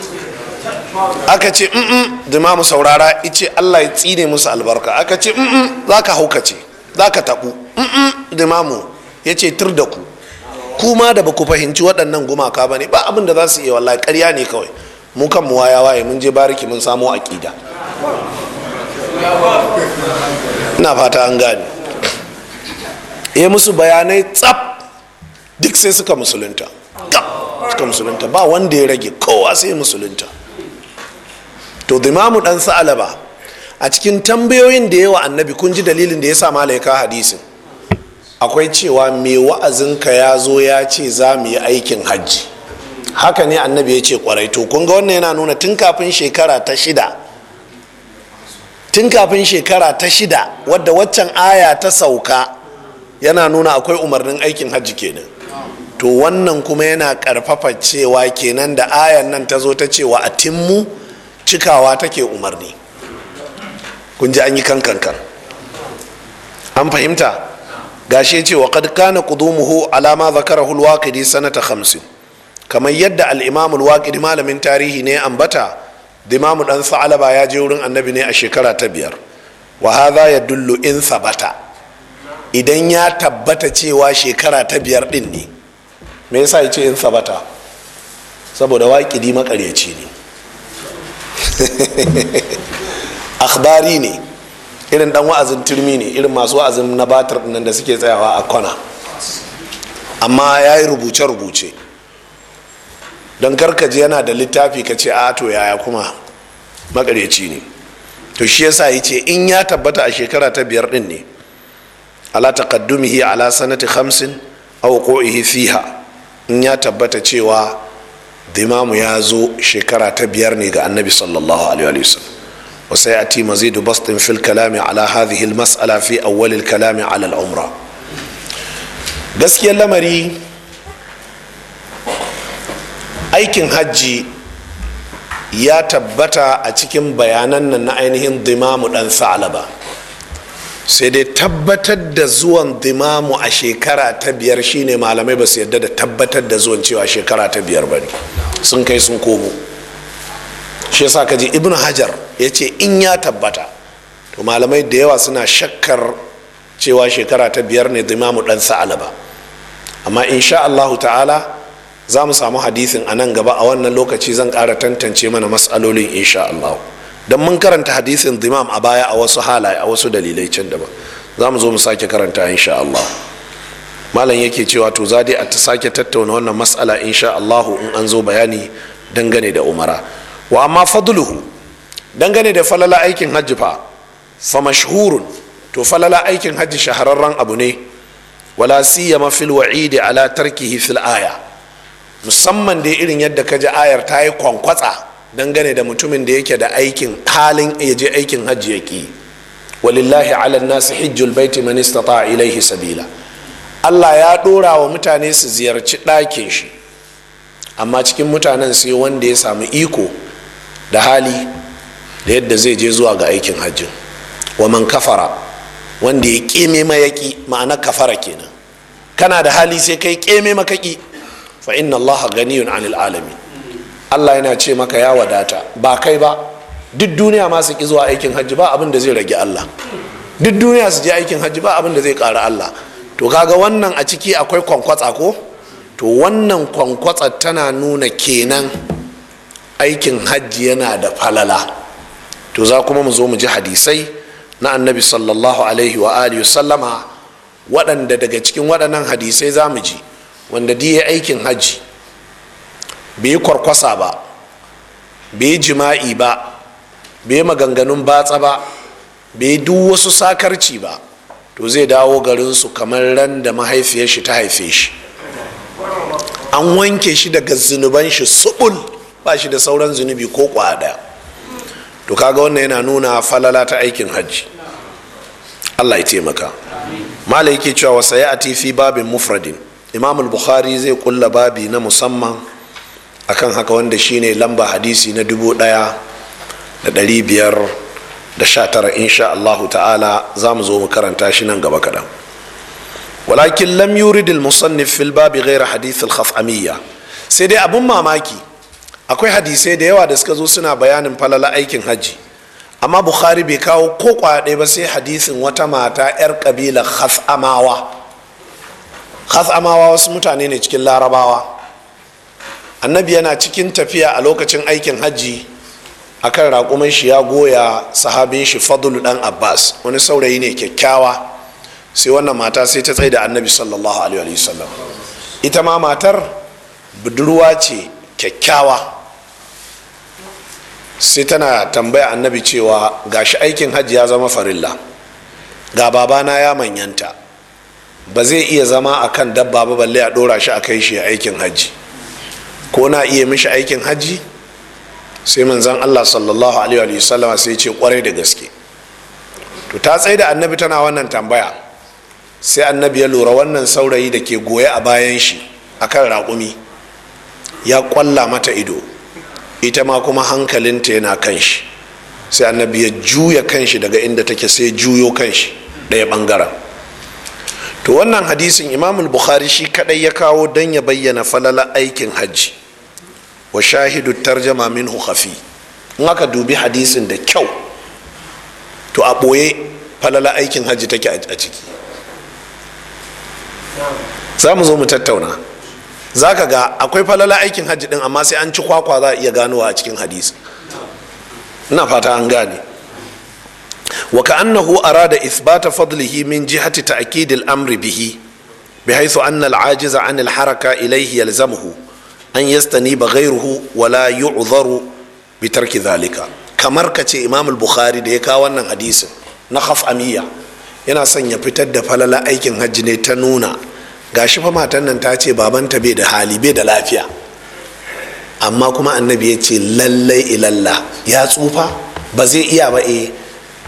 aka ce mm da mu saurara ice allah ya tsine musu albarka aka ce mm za ka haukace za ka taɓu mm da mu ya ce tur da ku kuma da baku fahimci waɗannan gumaka ba ne ba abin da za su iya wallahi ƙarya ne kawai mu kan mu waya waye mun je bariki mun samo aƙida ina fata an gane ya musu bayanai tsaf duk sai suka musulunta suka musulunta ba wanda ya rage kowa sai musulunta to dimamu dan sa'alaba a cikin tambayoyin da yawa annabi kun ji dalilin da ya sa malaika hadisin akwai cewa me ka ya zo ya ce za mu yi aikin hajji haka ne annabi ya ce kwarai to kun ga wannan yana nuna tun kafin shekara ta shida tun kafin shekara ta shida wadda waccan aya ta sauka yana nuna akwai umarnin aikin hajji kenan to wannan kuma yana karfafa cewa kenan da ayan nan ta zo ta cewa a timmu cikawa take umarni kun ji an yi kankankan an fahimta gashe ce wa kad kana qudumuhu ala ma zakarahu al-waqidi sanata khamsin kamar yadda al-imam al-waqidi malamin tarihi ne ambata dimamu dan sa'alaba ya je wurin annabi ne a shekara ta biyar wa hadha yadullu in sabata idan ya tabbata cewa shekara ta biyar din ne me yasa yace in sabata saboda waqidi makaryaci ne akhbari ne irin dan wa'azin turmi ne irin masu wa'azin na batar nan da suke tsayawa a kwana amma ya yi rubuce-rubuce don karkaji yana da littafi ka ce a to yaya kuma makareci ne to shi yasa yi ce in ya tabbata a shekara ta biyar din ne ala taqaddumihi ala sanati khamsin aw fiha in ya tabbata cewa dimamu ya zo shekara ta biyar ne ga annabi sallallahu alaihi wa wasallam وسيأتي مزيد بسط في الكلام على هذه المسألة في kalami ala al-umra gaskiyar lamari aikin hajji ya tabbata a cikin bayanan nan na ainihin dimamu dan ba. sai dai tabbatar da zuwan dimamu a shekara ta biyar shine malamai ba su yadda da tabbatar da zuwan cewa shekara ta biyar ba ne sun kai sun komo shi yasa ka ji ibn hajar ya ce in ya tabbata to malamai da yawa suna shakkar cewa shekara ta biyar ne dimamu dan sa'ala ba amma insha Allah ta'ala za mu samu hadisin a nan gaba a wannan lokaci zan ƙara tantance mana matsalolin insha Allah don mun karanta hadisin zimam a baya a wasu halaye a wasu dalilai can daban za mu zo mu sake karanta insha Allah malam yake cewa to za dai a ta sake tattauna wannan mas'ala insha Allah in an zo bayani dangane da umara wa amma fadluhu dangane da falala aikin hajji fa fa mashhurun to falala aikin hajji shahararren abu ne wala siyama fil wa'idi ala tarkihi fil aya musamman dai irin yadda kaji ayar ta yi kwankwatsa dangane da mutumin da yake da aikin halin ya je aikin hajji ya ki walillahi ala nasi hijjul baiti man istata ilaihi sabila Allah ya dora wa mutane su ziyarci ɗakin shi amma cikin mutanen sai wanda ya samu iko da hali da yadda zai je zuwa ga aikin hajjin wa man kafara wanda ya ƙeme mayaki ma'ana kafara kenan kana da hali sai kai ƙeme makaki fa inna allaha ganiyun anil alamin allah yana ce maka ya wadata ba kai ba duk duniya ma su ki zuwa aikin hajji ba abin da zai rage allah duk duniya su je aikin hajji ba abin da zai ƙara allah to kaga wannan a ciki akwai kwankwatsa ko to wannan kwankwatsa tana nuna kenan aikin hajji yana da falala to za kuma mu zo mu ji hadisai na annabi sallallahu alaihi wa alihi sallama waɗanda daga cikin waɗannan hadisai za mu ji wanda diya aikin hajji bai yi kwarkwasa ba bai yi jima'i ba bai yi maganganun batsa ba bai yi duk wasu sakarci ba to zai dawo garin su kamar ran da mahaifiyar shi ta haife shi an wanke shi daga zunuban shi subul ba shi da sauran zunubi ko kwada to kaga wannan yana nuna falala ta aikin hajji allah ya taimaka malai yake cewa wasa ya fi babin mufradin imamul bukhari zai kulla babi na musamman akan haka wanda shine lamba hadisi na dubu ɗaya da ɗari biyar da sha tara insha Allahu ta'ala za mu zo mu karanta shi nan gaba kaɗan walakin lam yurid al-musannif fil babi ghayra hadith al sai dai abun mamaki akwai hadisai da yawa da suka zo suna bayanin falala aikin hajji amma bukhari bai kawo ko kwade ba sai hadisin wata mata 'yar kabila khas'amawa wasu mutane ne cikin larabawa annabi yana cikin tafiya a lokacin aikin hajji akan raƙumin shi ya goya sahabin shi fadlu dan abbas wani saurayi ne kyakkyawa sai wannan mata sai ta tsaye da annabi sallallahu alaihi wasallam ita ma matar budurwa ce kyakkyawa sai tana tambaya annabi cewa gashi aikin hajji ya zama farilla ga babana ya manyanta ba zai iya zama akan dabba ba balle a dora shi a kai shi aikin hajji ko na iya mishi aikin hajji sai manzan allah sallallahu alaihi wasallama sai ce kwarai da gaske to ta tsaye da annabi tana wannan tambaya sai annabi ya lura wannan saurayi da ke goye a bayan shi akan raƙumi ya kwalla mata ido ita ma kuma hankalinta yana kan shi sai annabi ya juya kan shi daga inda take sai juyo kan shi ɗaya ɓangaren to wannan hadisin imam bukhari shi kadai ya kawo don ya bayyana falala aikin hajji wa shahidu tarjama min hukafi in aka dubi hadisin da kyau to a ɓoye falala aikin hajji take a ciki za mu zo mu tattauna za ka ga akwai falala aikin hajji din amma sai an ci kwakwa za a iya ganowa a cikin hadisi ina fata an gane wa ka'annahu arada isbata fadlihi min jihati ta al-amri bihi bihaythu anna al-ajiza 'an al-haraka ilayhi yalzamuhu an yastaniba ghayruhu wa la yu'dharu bi tarki dhalika kamar kace imam al-bukhari da ya kawo wannan hadisin na khaf'amiyya yana son ya fitar da falala aikin hajji ne ta nuna gashi fa matan nan ta ce babanta bai da hali bai da lafiya amma kuma annabi ya ce lallai ilalla ya tsufa ba zai iya ba e.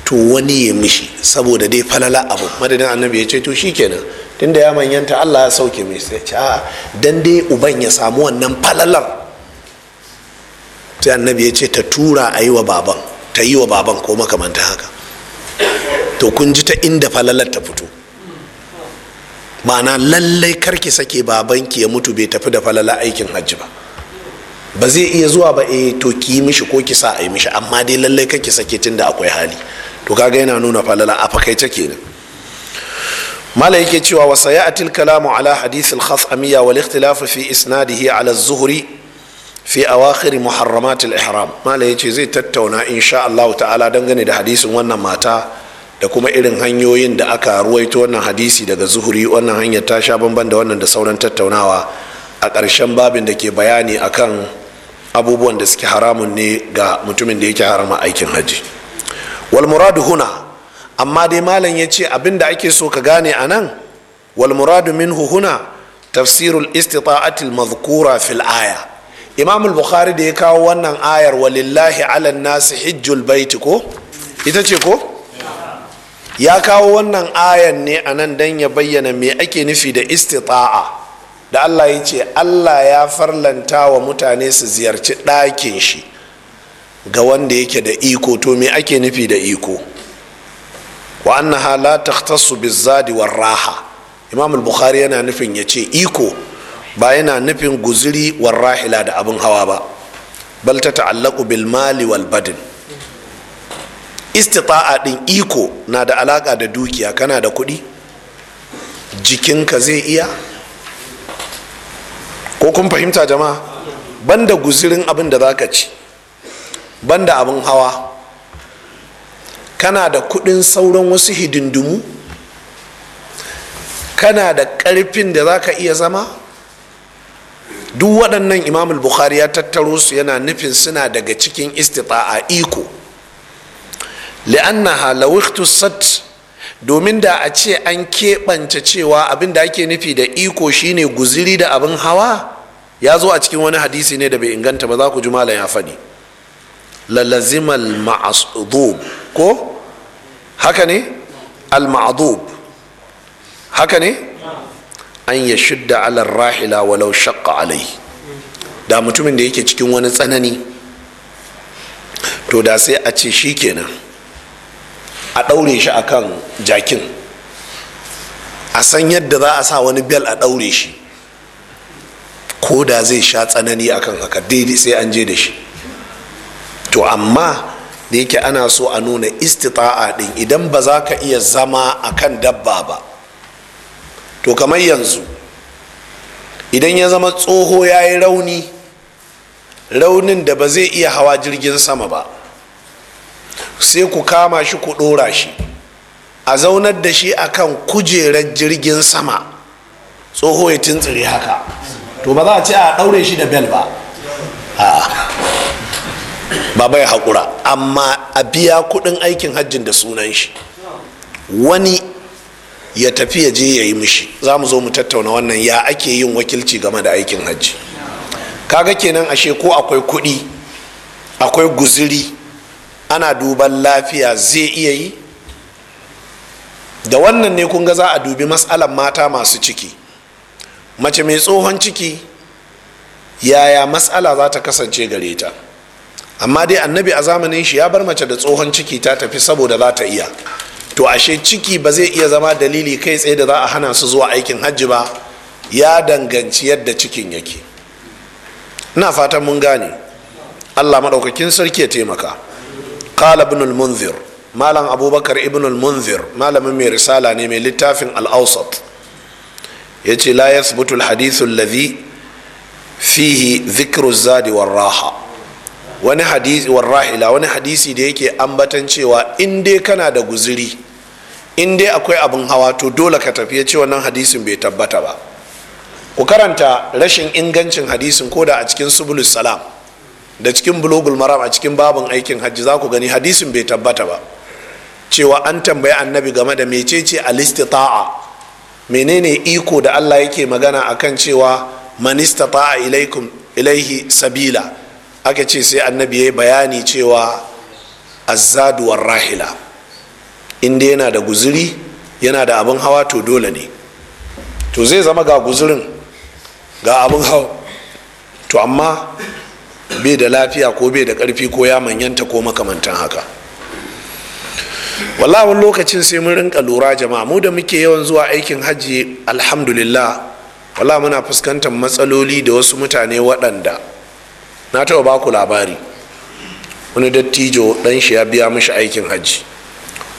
to wani ya mishi saboda dai falala abu madadin annabi ya ce to shikenan tunda ya manyanta Allah ya sauke mai sai ce a'a dan dai uban ya samu wannan falalar sai annabi ya ce ta tura a yi wa baban ta yi wa baban ko makamanta haka to kun ji ta inda falalar ta fito ma'ana lallai karki sake babanki ya mutu bai tafi da falala aikin hajji ba ba zai iya zuwa ba eh to ki mishi ko ki sa a yi mishi amma dai lallai kake sake da akwai hali to kaga yana nuna falala a ta kenan mala yake cewa wa sayati kalamu ala hadith al-khasamiyya wal ikhtilaf fi isnadihi ala az-zuhri fi awakhir muharramat al-ihram mala yace zai tattauna insha Allah ta'ala dangane da hadisin wannan mata da kuma irin hanyoyin da aka ruwaito wannan hadisi daga zuhuri wannan hanyar ta sha bamban da wannan da sauran tattaunawa a ƙarshen babin da ke bayani akan abubuwan da suke haramun ne ga mutumin da yake harama aikin hajji wal muradu huna amma dai malam ya ce abin da ake so ka gane a nan wal muradu minhu huna tafsirul istita'atil mazkura fil aya imam bukhari da ya kawo wannan ayar walillahi ala nasi hijjul baiti ko ita ce ko ya kawo wannan ayar ne a nan don ya bayyana me ake nufi da istita'a da allah ya ce allah ya farlanta wa mutane su ziyarci ɗakin shi ga wanda yake da iko to me ake nufi da iko wa annaha la takhtassu bizadi war raha imam al-bukhari yana nufin ya ce iko ba yana nufin guziri war rahila da abin hawa ba bal ta ta'allaqu bil mali wal badin istita'a din iko na da alaka da dukiya kana da kuɗi jikinka zai iya ko kun fahimta jama'a banda guzirin abin da za ka ci banda abin hawa kana da kudin sauran wasu hidindimu kana da karfin da za ka iya zama duk waɗannan imamul bukhari ya tattaro su yana nufin suna daga cikin istita'a iko li'anna lawikhtu sat domin da a ce an keɓance cewa abin da ake nufi da iko shine guziri da abin hawa ya zo a cikin wani hadisi ne da bai inganta ba za ku ji malam ya faɗi lalazimal ma'adub ko haka ne al ma'adub haka ne an ya shidda alar rahila walau shakka alai da mutumin da yake cikin wani tsanani to da sai a ce shi kenan a ɗaure shi akan jakin a san yadda za a sa wani bel a ɗaure shi ko da zai sha tsanani akan haka daidai sai an je da shi to amma da yake ana so a nuna istita'a din idan ba za ka iya zama a kan dabba ba to kamar yanzu idan ya zama tsoho ya yi rauni raunin da ba zai iya hawa jirgin sama ba sai ku kama shi ku ɗora shi a zaunar da shi akan kujerar jirgin sama tsoho ya tuntsire haka to ba za a ce a daure shi da bel ba ba bai haƙura amma a biya kuɗin aikin hajjin da sunan shi wani ya tafi ya je ya yi mishi za mu zo mu tattauna wannan ya ake yin wakilci game da aikin hajji kaga kenan ashe ko akwai kuɗi akwai guziri ana duban lafiya zai iya yi da wannan ne kun ga za a dubi matsalan mata masu ciki mace mai tsohon ciki yaya matsala za ta kasance gare ta amma dai annabi a zamanin shi ya bar mace da tsohon ciki ta tafi saboda za ta iya to ashe ciki ba zai iya zama dalili kai tsaye da za a hana su zuwa aikin hajji ba ya danganci yadda cikin yake Ina fatan mun gane allah maɗaukakin sarki ya taimaka qala ibn al-munzir malam abubakar ibn al-munzir malamin mai risala ne mai littafin al-awsat yace la yasbutu alhadithu fihi dhikru zadi warraha raha wani hadisi war rahila wani hadisi da yake ambatan cewa in dai kana da guziri in dai akwai abin hawa to dole ka tafi yace wannan hadisin bai tabbata ba ku karanta rashin ingancin hadisin koda a cikin subulus salam da cikin bulogul maram a cikin babin aikin hajji za ku gani hadisin bai tabbata ba cewa an tambayi annabi game da mecece a listi ta'a. menene iko da allah yake magana akan cewa manista a ilaikum ilaihi sabila aka ce sai annabi ya bayani cewa azzaduwar rahila inda yana da guzuri yana da abin hawa to dole ne to zai zama ga guzurin ga abin hawa to amma bai da lafiya ko bai da ƙarfi ko ya manyanta ko makamantan haka wallahi lokacin sai mun rinka lura jama'a mu da muke yawan zuwa aikin hajji alhamdulillah wallahi muna fuskantar matsaloli da wasu mutane waɗanda na taɓa ba ku labari wani dattijo ɗan shi ya biya mishi aikin hajji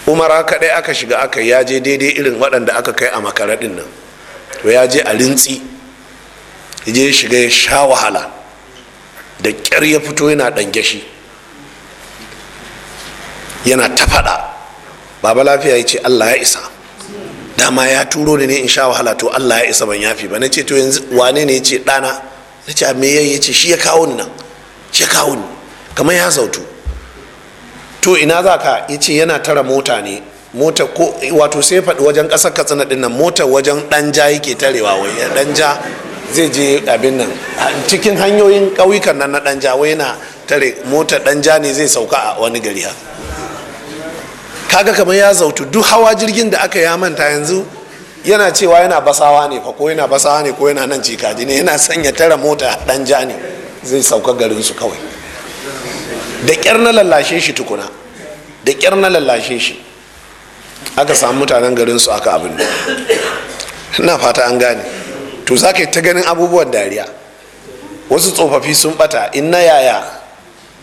umara kaɗai aka shiga aka ya je daidai irin waɗanda aka kai a makaraɗin nan to ya je a rintsi ya je shiga ya sha wahala da ƙyar ya fito yana ɗan shi yana ta faɗa baba lafiya ya ce allah ya isa dama ya turo ni ne in sha wahala to allah ya isa ban yafi ba na ce to yanzu wane ne ya ce ɗana na ce me ya ce shi ya kawo ni nan shi ya kawo ni kamar ya zautu to ina za ka ya ce yana tara mota ne mota ko wato sai faɗi wajen ƙasar katsina ɗin nan mota wajen ɗanja yake tarewa wai ɗanja zai je abin nan cikin hanyoyin ƙauyukan nan na ɗanja wai yana tare mota ɗanja ne zai sauka a wani gari ha kaga kamar ya zautu duk hawa jirgin da aka ya manta yanzu yana cewa yana basawa ne fa ko yana basawa ne ko yana nan jikaji ne yana sanya tara mota dan ja ne zai sauka garin su kawai da kyar na lallashe shi tukuna da kyar na lallashe shi aka samu mutanen garin su aka abin ina fata an gane to za ka yi ta ganin abubuwan dariya wasu tsofaffi sun bata in yaya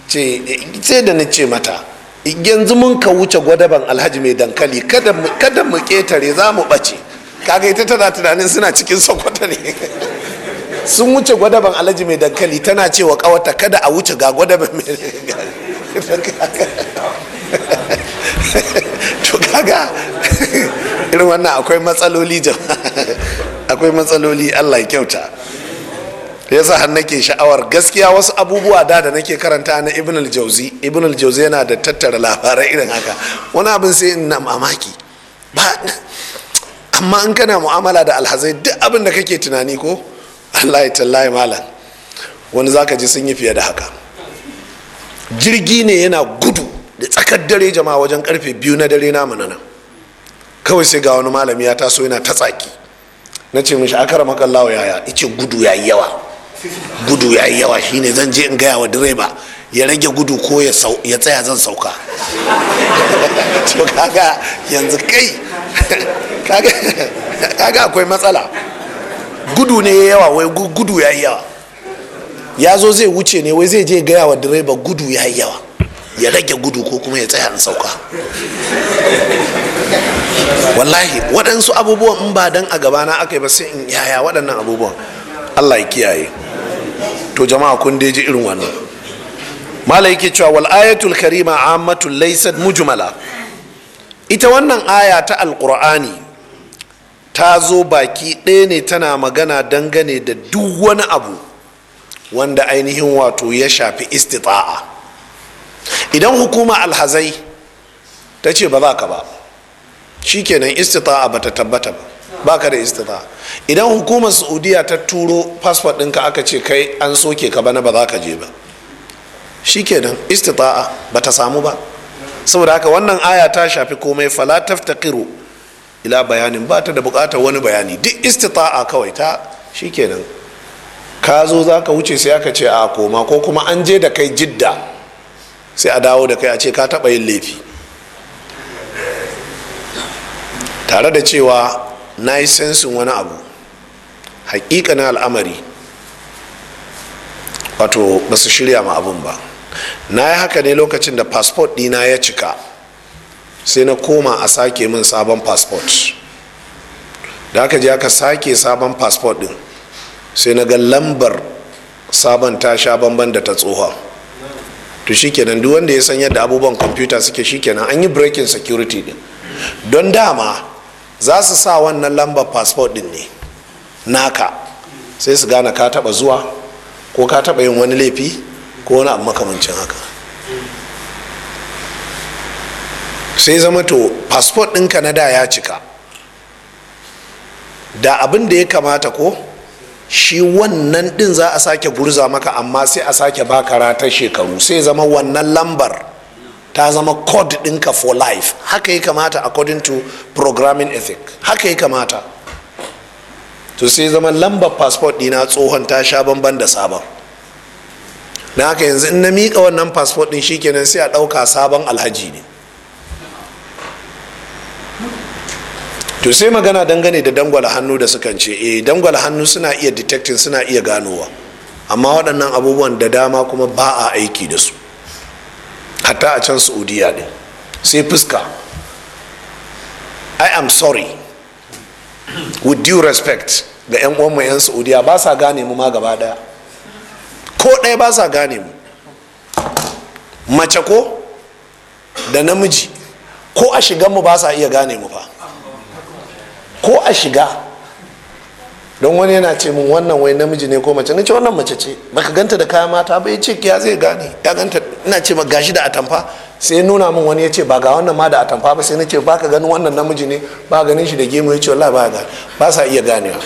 ce da ni ce mata yanzu mun ka wuce gwadaban alhaji mai dankali kada mu ketare za mu ɓace kaga ita tana tunanin suna cikin sokoto ne sun wuce gwadaban alhaji mai dankali tana cewa kawata kada a wuce ga gwadaban mai to kaga irin wannan akwai matsaloli jama'a akwai matsaloli allah ya kyauta sa har nake sha'awar gaskiya wasu abubuwa da da nake karanta na ibn al-jauzi ibn al-jauzi yana da tattara labarai irin haka wani abin sai in na mamaki ba amma in kana mu'amala da alhazai duk abin da kake tunani ko Allah ya tallaye malam wani zaka ji sun yi fiye da haka jirgi ne yana gudu da tsakar dare jama'a wajen karfe biyu na dare namu nan kawai sai ga wani malami ya taso yana ta tsaki na ce mishi akara makallawa yaya ice gudu ya yi yawa gudu ya yi yawa shine zan je in gaya wa direba ya rage gudu ko ya tsaya zan sauka to kaga yanzu kai kaga akwai matsala gudu ne ya yawa wai gudu ya yi yawa ya zo zai wuce ne wai zai je gaya wa direba gudu ya yi yawa ya rage gudu ko kuma ya tsaya in sauka wallahi waɗansu abubuwan in ba dan a gabana aka yi ba sai in yaya waɗannan abubuwan allah ya kiyaye to jama'a kun dai irin wannan malai yake cewa wal ayatul karima ammatul laysat mujmala ita wannan aya ta alqur'ani ta zo baki ɗaya ne tana magana dangane da duk wani abu wanda ainihin wato ya shafi istita'a idan hukuma alhazai ta ce ba za ka ba shikenan istita'a ba ta tabbata ba baka da istita idan hukumar saudiya ta turo fasfot ɗinka aka ce kai an soke ka bana ba za ka je ba Shi ke nan, istita'a ba ta samu ba saboda haka wannan aya ta shafi komai ta kiro ila bayanin ba ta da bukatar wani bayani duk istita'a kawai ta shi ke nan. ka zo za ka wuce sai aka ce a koma ko kuma an je da kai jidda sai a dawo da kai a ce ka taɓa yin laifi tare da cewa na yi sensin wani abu hakika na al'amari wato ba su shirya ma abun ba na yi haka ne lokacin da passport dina ya cika sai na koma a sake min sabon passport da aka je aka sake sabon passport din sai na ga lambar sabon ta sha bamban da ta tsohon to shikenan duk wanda ya san yadda abubuwan kwamfuta suke shi kenan an yi breaking security din don dama za su sa wannan lambar passport din ne naka sai su gane ka taba zuwa ko ka taba yin wani laifi ko wani abu makamancin haka sai zama to passport ɗinka na da ya cika da abin da ya kamata ko shi wannan ɗin za a sake gurza maka amma sai a sake baka ratar shekaru sai zama wannan lambar ta zama code ɗinka for life haka ya kamata according to programming ethic haka ya kamata to sai zama lambar passport ɗina tsohon ta sha bamban da sabon na haka yanzu in na miƙa wannan passport ɗin shikenan sai a ɗauka sabon alhaji ne to sai magana dangane da dangwala hannu da suka ce eh dangwala hannu suna iya detecting suna iya ganowa amma waɗannan abubuwan da dama kuma ba a aiki da su hatta a can saudiya ne sai fuska i am sorry with due respect ga 'yan uwanmu 'yan saudiya ba sa gane mu ma gaba daya ko ɗaya ba sa gane mu mace ko da namiji ko a shigan mu ba sa iya gane mu fa ko a shiga don wani yana ce min wannan wai namiji ne ko mace na ce wannan mace ce baka ganta da kaya mata ba ya ce ya zai gane ya ganta ina ce ma gashi da atamfa sai nuna min wani ya ce ba ga wannan ma da atamfa ba sai na ce baka ganin wannan namiji ne ba ganin shi da gemu ya ce wallahi ba ga ba sa iya ganewa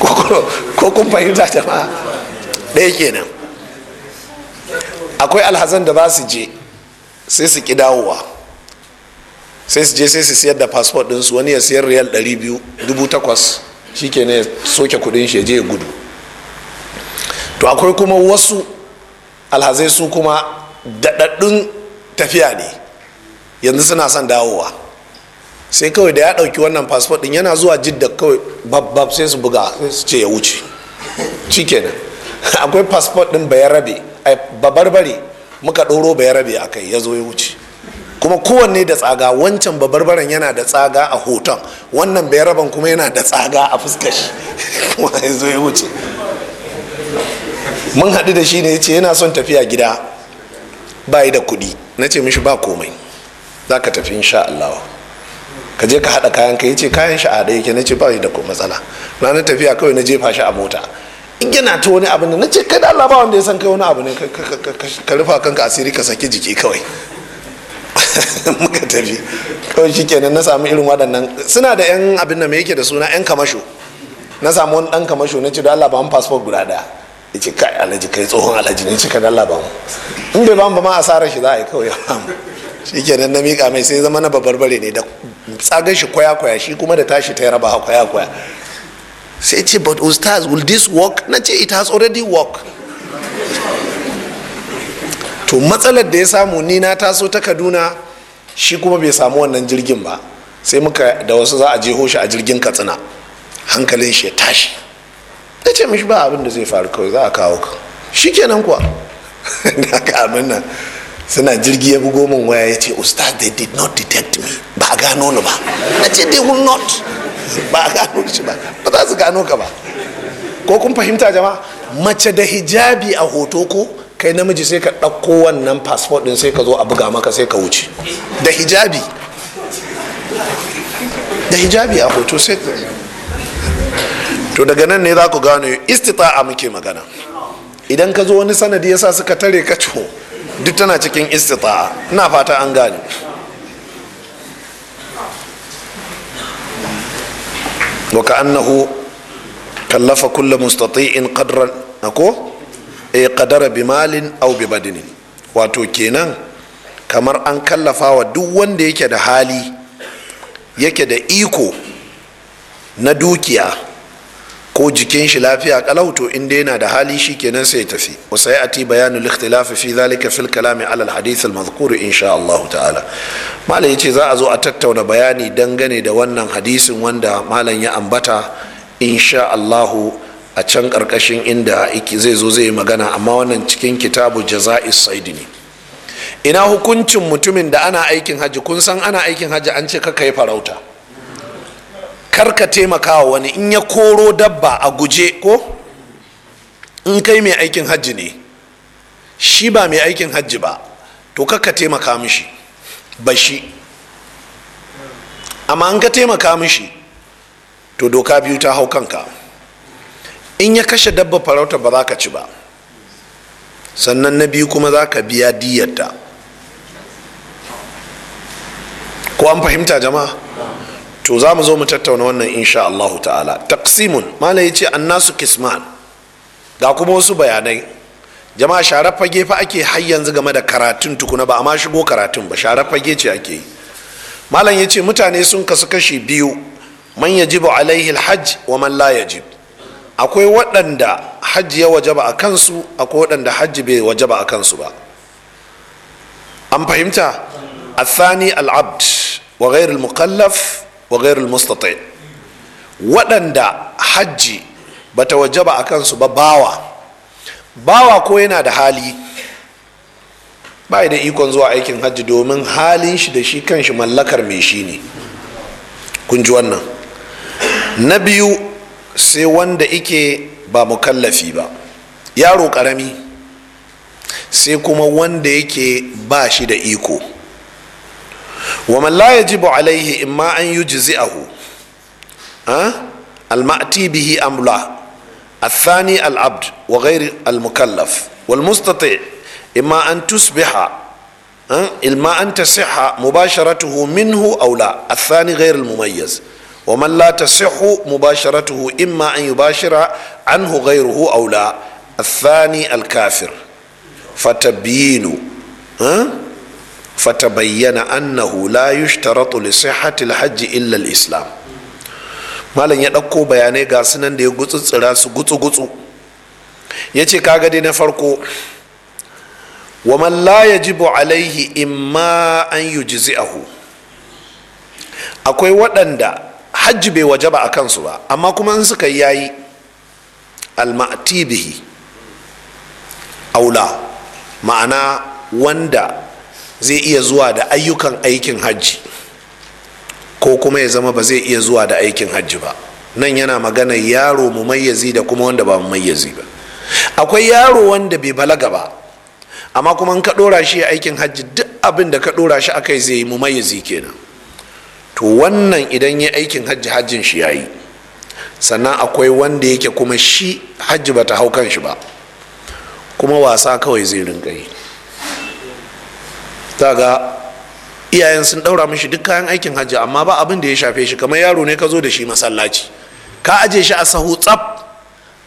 ko kun fahimta jama'a ɗaya kenan akwai alhazan da ba su je sai su ƙi dawowa sai su je sai su siyar da passport su wani ya siyar riyal 200 shi ke ne ya soke kudin shi ya je ya gudu to akwai kuma wasu alhazai su kuma daɗaɗɗun tafiya ne yanzu suna son dawowa sai kawai da ya ɗauki wannan fasfot ɗin yana zuwa jidda kawai babbab sai su buga sai su ce ya wuce shikenan akwai fasfot ɗin bai rabe babbar babarbare muka ɗoro bayarabe rabe a kai ya zo ya wuce kuma kowanne da tsaga wancan babarbaran yana da tsaga a hoton wannan bai raban kuma yana da tsaga a fuskar shi kuma ya zo ya wuce mun haɗu da shi ne ce yana son tafiya gida bayi da kuɗi na ce mishi ba komai za ka tafi insha Allah ka je ka haɗa kayan ka ce kayan shi a haɗa yake na ce ba da ko matsala ranar tafiya kawai na jefa shi a mota in yana ta wani abu ne. na ce kai da Allah ba wanda ya san kai wani abu ne ka rufa kanka asiri ka saki jiki kawai muka tafi kawai shi kenan na samu irin waɗannan suna da yan abin da mai yake da suna yan kamasho na samu wani ɗan kamasho na ce da Allah ba mu guda ɗaya ya ce kai alhaji kai tsohon alhaji ne cika da Allah ba mu in bai ba mu ba ma asarar shi za a yi kawai ya ba mu shi kenan na miƙa mai sai zama na babarbare ne da tsagar shi kwaya kwaya shi kuma da tashi ta raba kwaya kwaya sai ce but ustaz will this work na ce it has already work to matsalar da ya samu ni na taso ta kaduna shi kuma bai samu wannan jirgin ba sai muka da wasu za a je shi a jirgin katsina hankalin shi ya tashi ya ce mishi ba abin da zai faru kawai za a kawo ka shi kenan kuwa da ka abin nan suna jirgi ya bugo min waya ya ce ustaz they did not detect me ba a gano ni ba na ce they will not ba a gano shi ba ba za su gano ka ba ko kun fahimta jama'a mace da hijabi a hoto ko kai namiji sai ka ɗauko wannan passport ɗin sai ka zo a buga maka sai ka wuce da hijabi da hijabi a hoto sai to daga nan ne za ku gane istita'a muke magana idan ka zo wani sanadi yasa suka tare ka ciho duk tana cikin istita'a ina fata an gane wa annahu kallafa kulla mustati'in na ko e eh, kadara bi malin au bi badinin wato kenan kamar an kallafa wa duk wanda yake da hali yake da iko na dukiya ko jikin shi lafiya kalau to inda yana da hali shi kenan sai tafi wa sai ati bayanu ikhtilaf fi zalika fil kalami ala al hadith al madhkur insha Allah ta'ala malam yace za a zo a tattauna bayani dangane da wannan hadisin wanda malam ya ambata insha Allah a can karkashin inda zai zo zai magana amma wannan cikin kitabu jaza'is saidi ne ina hukuncin mutumin da ana aikin hajji kun san ana aikin hajji an ce kaka yi farauta karka taimaka wa wani in ya koro dabba a guje ko in kai mai aikin hajji ne shi ba mai aikin hajji ba to kaka taimaka mishi ba shi amma an ka taimaka mishi to doka biyu ta hau kanka in ya kashe dabba farauta ba za ka ci ba sannan na biyu kuma za ka biya diyarta ko an fahimta jama'a to za mu zo mu tattauna wannan insha Allahu ta'ala taqsimun malai ya ce annasu kisman ga kuma wasu bayanai jama'a share fage fa ake har yanzu game da karatun tukuna ba amma shigo karatun ba share fage ce ake yi malam ya ce mutane sun kasu kashi biyu man yajibu alaihi alhajj wa man la yajib akwai waɗanda hajji ya wajaba a kansu akwai waɗanda hajji bai wajaba a kansu ba an fahimta athani al'abd wa ghairul mukallaf wa ghairul mustatai waɗanda hajji bata wajaba a kansu ba bawa bawa ko yana da hali ba da ikon zuwa aikin hajji domin halin shi da shi kanshi mallakar mai shi ne kun ji wannan na biyu sai wanda ike ba mukallafi ba yaro ƙarami. sai kuma wanda yake ba shi da iko wa mallaya jibo alaihi in ma an yi jizi ahu almati bihi amla athani al'abd wa ghairi almukallaf wal mustati in ma an tusbiha ilma an tasiha mubasharatuhu minhu aula athani ghairi almumayyaz wa man la tasihhu mubasharatuhu imma an yubashira anhu ghayruhu aw la athani al-kafir fatabyinu fatabayyana annahu la yushtaratu li sihhati al-hajj illa al-islam malam ya ɗauko bayanai ga sunan da ya gutsutsura su gutsu-gutsu ya ce kaga dai na farko wa man la yajibu alaihi imma an yujzi'ahu akwai waɗanda hajji bai wajaba a kansu ba amma kuma in suka yayi alma'ati bihi aula ma'ana wanda zai iya zuwa da ayyukan aikin hajji ko kuma ya zama ba zai iya zuwa da aikin hajji ba nan yana magana yaro mu mayyazi da kuma wanda ba mu mayyazi ba akwai yaro wanda bai balaga ba amma kuma in ka dora shi aikin hajji duk abin da ka dora shi akai zai yi mayyazi kenan to wannan idan ya aikin hajji hajjin shi ya yi. sannan akwai wanda yake kuma shi hajji bata hau kan shi ba kuma wasa kawai zai rinka yi ga iyayen sun ɗaura mishi duk kayan aikin hajji amma ba abin da ya shafe shi kamar yaro ne ka zo da shi masallaci ka aje shi a sahu tsaf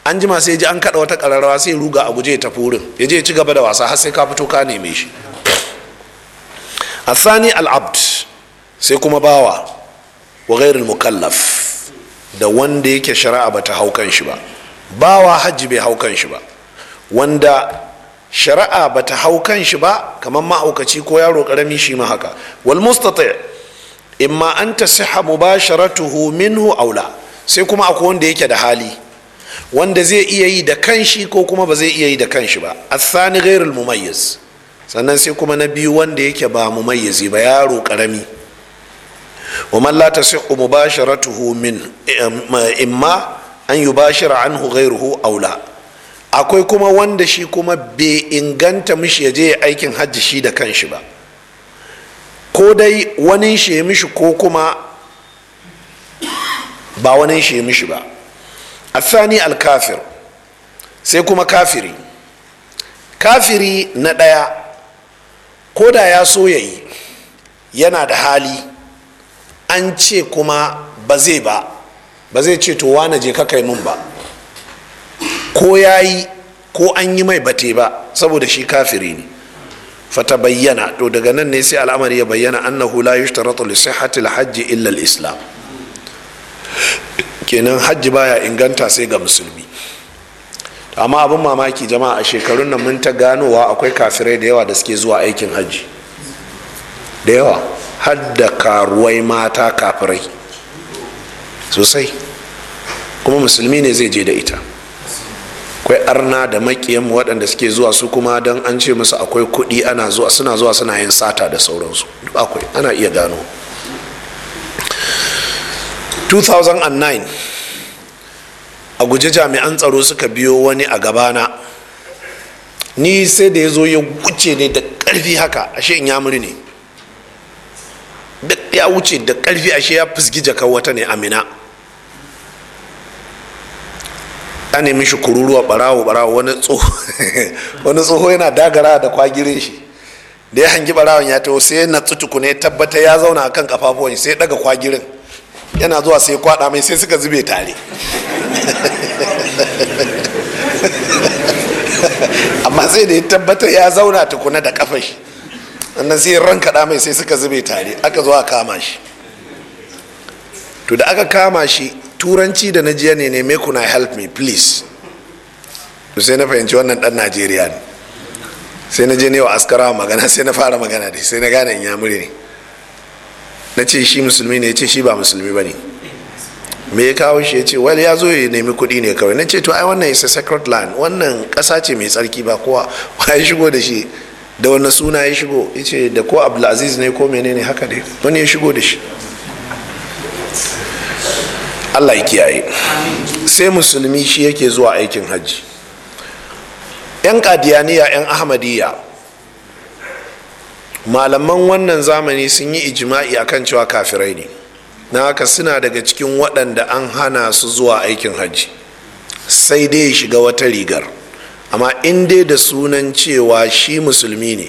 an jima sai ji an kada wata kararrawa sai ruga a guje ya tafi wurin ya je ci gaba da wasa har sai ka fito ka neme shi asani al-abd sai kuma bawa wa ghairul mukallaf da wanda yake shari'a bata hau kanshi shi ba bawa hajji bai hau kanshi shi ba wanda shari'a bata hau kanshi shi ba kamar ma'aukaci ko yaro karami shi ma haka wal mustati imma an tasihha mubasharatuhu minhu aula sai kuma akwai wanda yake da hali wanda zai iya yi da kanshi ko kuma ba zai iya yi da kanshi ba asani ghairul mumayyiz sannan sai kuma na biyu wanda yake ba mumayyizi ba yaro karami wa man la tasihhu mubasharatuhu min imma an yubashira anhu ghayruhu aw akwai kuma wanda shi kuma bai inganta mishi ya je aikin hajji shi da kanshi ba ko dai wani shi ya mishi ko kuma ba wani shi ya mishi ba asani alkafir sai kuma kafiri kafiri na ɗaya ko da ya so ya yana da hali an ce kuma ba zai ba ba zai ce to wane je ka kai mun ba ko ya yi ko an yi mai bate ba saboda shi kafiri ne fata bayyana to daga nan ne sai al'amari ya bayyana annahu la yi li sihhati al illa illal islam kenan hajji baya inganta sai ga musulmi amma abin mamaki jama'a a shekarun nan mun ta ganowa akwai kafirai da yawa da suke zuwa aikin hajji da yawa hadda karuwai mata kafirai sosai kuma musulmi ne zai je da ita kwai arna da makiyan waɗanda suke zuwa su kuma don an ce musu akwai kuɗi ana zuwa suna zuwa suna yin sata da sauransu akwai ana iya gano 2009 a guji jami'an tsaro suka biyo wani a gabana ni sai da ya zo ya wuce ne da ƙarfi haka ashe in yamuri ne duk ya wuce da karfi ashe ya fusgi jakar wata ne amina ta nemi shi kururuwa barawo barawo wani tsoho wani tsoho yana dagara da kwagirin shi da ya hangi barawon ya taho sai na tsutuku ne tabbata ya zauna a kan kafafuwan sai daga kwagirin yana zuwa sai kwada mai sai suka zube tare amma sai da ya tabbata ya zauna tukuna da kafashi sannan sai ran kaɗa mai sai suka zube tare aka zo a kama shi to da aka kama shi turanci da najiya ne ne me kuna help me please to sai na fahimci wannan dan najeriya ne sai na je ne wa askara magana sai na fara magana da sai na gane in muri ne na ce shi musulmi ne ya ce shi ba musulmi ba ne me ya kawo shi ya ce wal ya zo ya nemi kuɗi ne kawai na ce to ai wannan isa sacred land wannan ƙasa ce mai tsarki ba kowa ya shigo da shi da wani suna ya shigo ya ce da ko abdulaziz ne ko menene haka dai wani ya shigo da shi allah ya kiyaye sai musulmi shi yake zuwa aikin hajji yan kadiyaniya yan ahmadiyya malaman wannan zamani sun yi ijima'i akan cewa kafirai ne na haka suna daga cikin waɗanda an hana su zuwa aikin hajji sai dai ya shiga wata rigar amma in dai da sunan cewa shi musulmi ne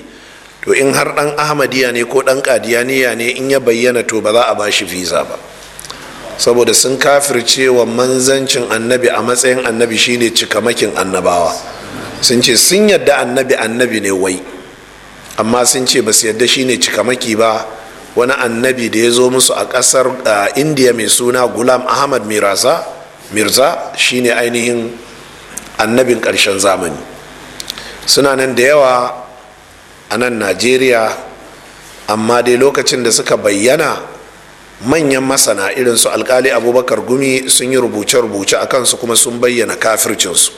to in har dan ahmadiyya ne ko dan kadiyaniya ne in ya bayyana to ba za a ba shi visa ba saboda sun kafir cewa manzancin annabi a matsayin annabi shine cikamakin annabawa sun ce sun yadda annabi annabi ne wai amma sun ce ba su yadda shine cikamaki ba wani annabi da ya zo musu a ƙasar indiya mai suna gulam ahmad mirza shine ainihin annabin ƙarshen zamani suna nan da yawa a nan najeriya amma dai lokacin da suka bayyana manyan masana irin su alkali abubakar gumi sun yi rubuce-rubuce a kansu kuma sun bayyana kafircinsu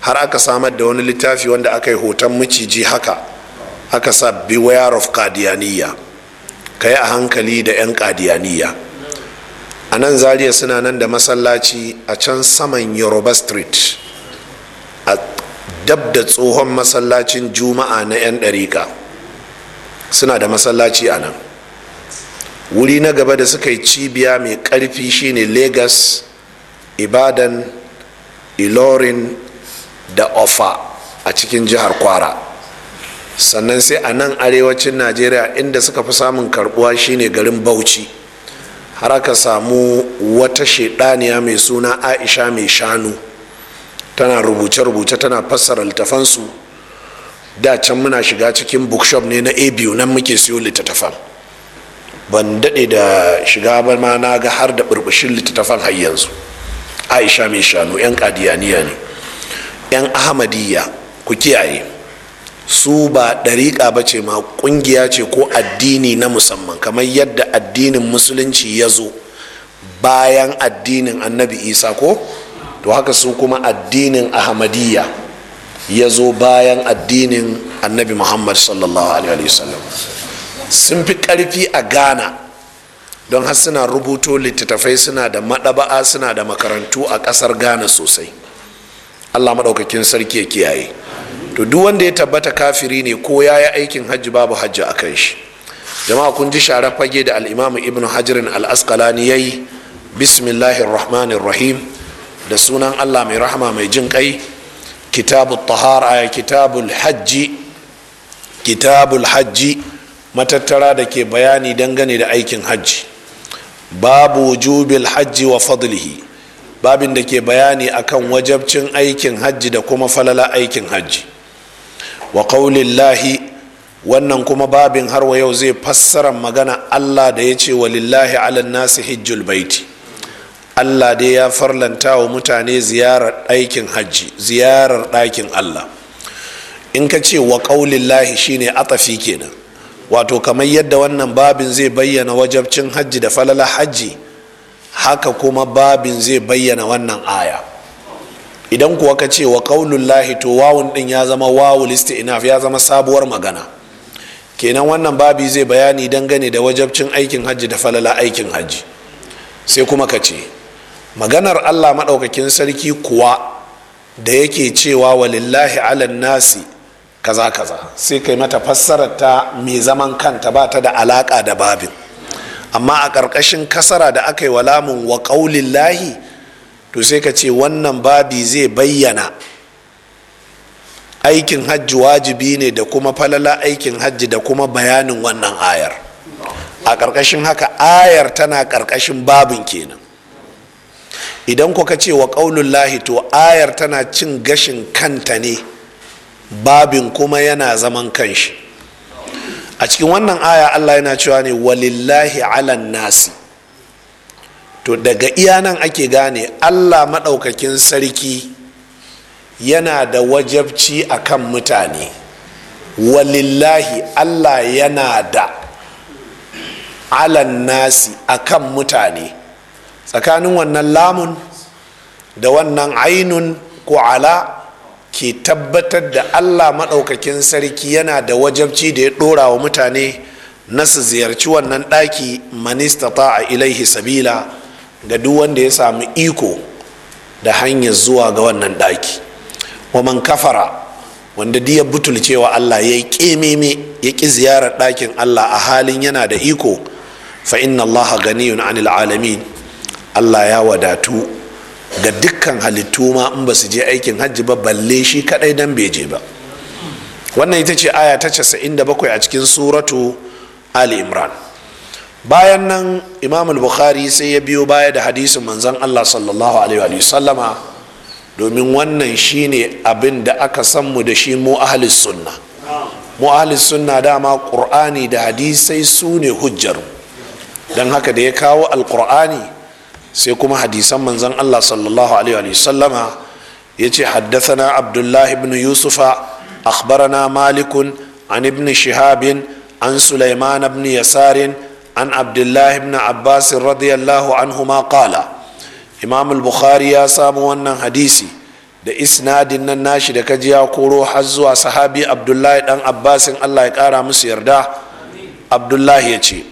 har aka samar da wani littafi wanda aka yi hoton maciji haka aka sa beware of kadiyaniya ka yi a hankali da 'yan kadiyaniya a nan zariya suna nan da masallaci a can saman yoruba street a dab da tsohon masallacin juma'a na 'yan ɗarika suna da masallaci a nan wuri na gaba da suka yi cibiya mai ƙarfi shine Legas, ibadan ilorin da ofa a cikin jihar kwara sannan sai a nan arewacin najeriya inda suka fi samun karbuwa shine garin bauchi har aka samu wata shaidaniya mai suna aisha mai shanu tana rubuce-rubuce tana fassara littafansu da can muna shiga cikin bookshop ne na abu nan muke siyo littattafan ban daɗe da shiga ba ma na ga har da burbushin littattafan har yanzu aisha mai shanu 'yan kadiyaniya ne 'yan ahmadiyya ku kiyaye su ba ɗariƙa ba ce ma ƙungiya ce ko addini na musamman kamar yadda addinin musulunci ya zo bayan addinin annabi isa ko to haka su kuma addinin ahmadiyya ya zo bayan addinin annabi muhammad sallallahu alaihi wasallam sun fi karfi a ghana don har suna rubuto littattafai suna da maɗaba'a suna da makarantu a ƙasar ghana sosai allah maɗaukakin sarki ya kiyaye to duk wanda ya tabbata kafiri ne ko ya yi aikin hajji babu hajji a kan shi jama'a kun ji share fage da al'imamu ibn hajjirin al'askalani ya yi bismillahirrahmanirrahim da sunan allah mai rahama mai jin kai kitabul tahara kitabul hajji kitabul hajji matattara da ke bayani dangane da aikin hajji babu wujubil hajji wa fadlihi babin da ke bayani akan wajabcin aikin hajji da kuma falala aikin hajji wa qaulillahi wannan kuma babin har wa yau zai fassara magana Allah da ya ce walillahi lillahi alannasi hijjul baiti allah dai ya farlanta wa mutane ziyarar ɗakin hajji ziyarar ɗakin allah in ka ce wa ƙaulillahi shine atafi kenan wato kamar yadda wannan babin zai bayyana wajabcin hajji da falala hajji haka kuma babin zai bayyana wannan aya idan kuwa ka ce wa ƙaulillahi to wawun ɗin ya zama wawu listi inaf ya zama sabuwar magana kenan wannan babi zai bayani dangane da wajabcin aikin hajji da falala aikin hajji sai kuma ka ce maganar allah maɗaukakin sarki kuwa da yake cewa walillahi alan nasi kaza kaza sai kai mata fassarar ta mai zaman kanta ba ta da alaƙa da babin amma a ƙarƙashin kasara da aka yi wa lamun wa ƙaulillahi to sai ka ce wannan babi zai bayyana aikin hajji wajibi ne da kuma falala aikin hajji da kuma bayanin wannan ayar a ƙarƙashin haka ayar tana ƙarƙashin babin kenan idan kuka ce wa lahi to ayar tana cin gashin kanta ne babin kuma yana zaman kanshi a cikin wannan aya allah yana cewa ne walillahi alan nasi to daga iyanan ake gane allah maɗaukakin sarki yana da wajabci a kan mutane walillahi allah yana da alan nasi a kan mutane tsakanin wannan lamun da wannan ainun ko ala ke tabbatar da allah maɗaukakin sarki yana da wajabci da ya ɗora wa mutane na su ziyarci wannan ɗaki ta a ilaihi sabila ga duk wanda ya samu iko da hanyar zuwa ga wannan ɗaki waman kafara wanda diyar ya butulcewa allah ya yi ƙememe ya ƙi ziyarar ɗakin allah a halin yana da iko fa inna allaha ganiyun anil alamin allah ya wadatu ga dukkan halittu ma in ba su je aikin hajji ba balle shi kadai dan bai je ba wannan ita ce aya ta 97 a cikin suratu ali imran bayan nan imam bukhari sai ya biyo baya da hadisin manzon allah sallallahu alaihi sallama domin wannan shine abin da aka san mu da shi mu ahlis sunna mu sunna dama qur'ani da hadisai su ne hujjar don haka da ya kawo alqur'ani sai kuma hadisan manzon Allah sallallahu alaihi wa sallama ce haddathana Abdullahi ibn Yusufa akhbarana Malikun, an ibn Shihabin, an Sulaiman ibn yasarin an Abdullah ibn Abbas radiyallahu anhuma qala Imam al-Bukhari ya samu wannan hadisi da isnadin nan nashi da kajiya koro har zuwa sahabi Abdullahi dan Abbasin Allah ya kara musu yarda Abdullahi ya ce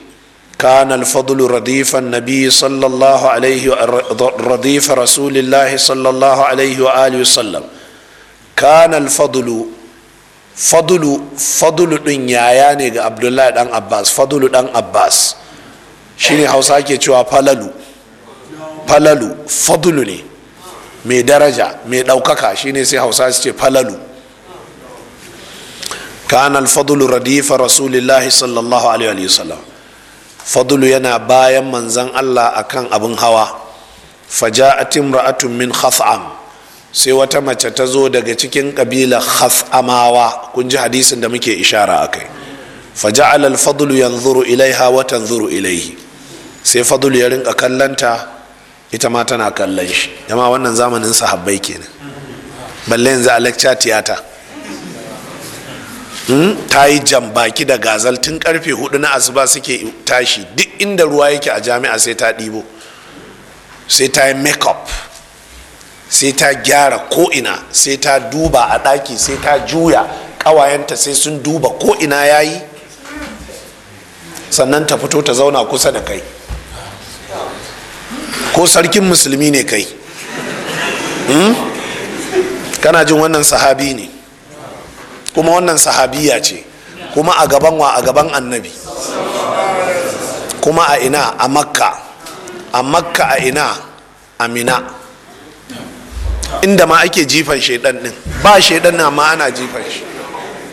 كان الفضل رديف النبي صلى الله عليه رديف رسول الله صلى الله عليه وآله وسلم كان الفضل فضل فضل دنيا يعني عبد الله دان عباس فضل دان عباس shine hausa ke cewa falalu falalu fadulu ne mai daraja mai ɗaukaka shine sai hausa su ce falalu kana alfadulu radifa rasulillahi sallallahu alaihi wasallam fadlu yana bayan manzan allah akan abin hawa faja'at imra'atun min khas'am sai wata mace ta zo daga cikin kabila khas'amawa kun ji hadisin da muke ishara akai faja'ala al-fadlu yanzuru ilaiha wa tanzuru ilaihi sai fadlu ya rinka kallanta ita ma tana kallon shi jama wannan zamanin sahabbai kenan balle yanzu a lecture theater ta yi jan baki da gazal tun karfe hudu na asuba suke tashi duk inda ruwa yake a jami'a sai ta ɗibo sai ta yi makeup sai ta gyara ko'ina sai ta duba a ɗaki sai ta juya ƙawayenta sai sun duba ko'ina ya yi sannan ta fito ta zauna kusa da kai ko sarkin musulmi ne kai hmm? kana jin wannan sahabi ne kuma wannan sahabiya ce kuma a gaban wa a gaban annabi kuma a ina a makka a makka a ina a mina inda ma ake jifan shaidan din ba shaidan na ma ana jifan shi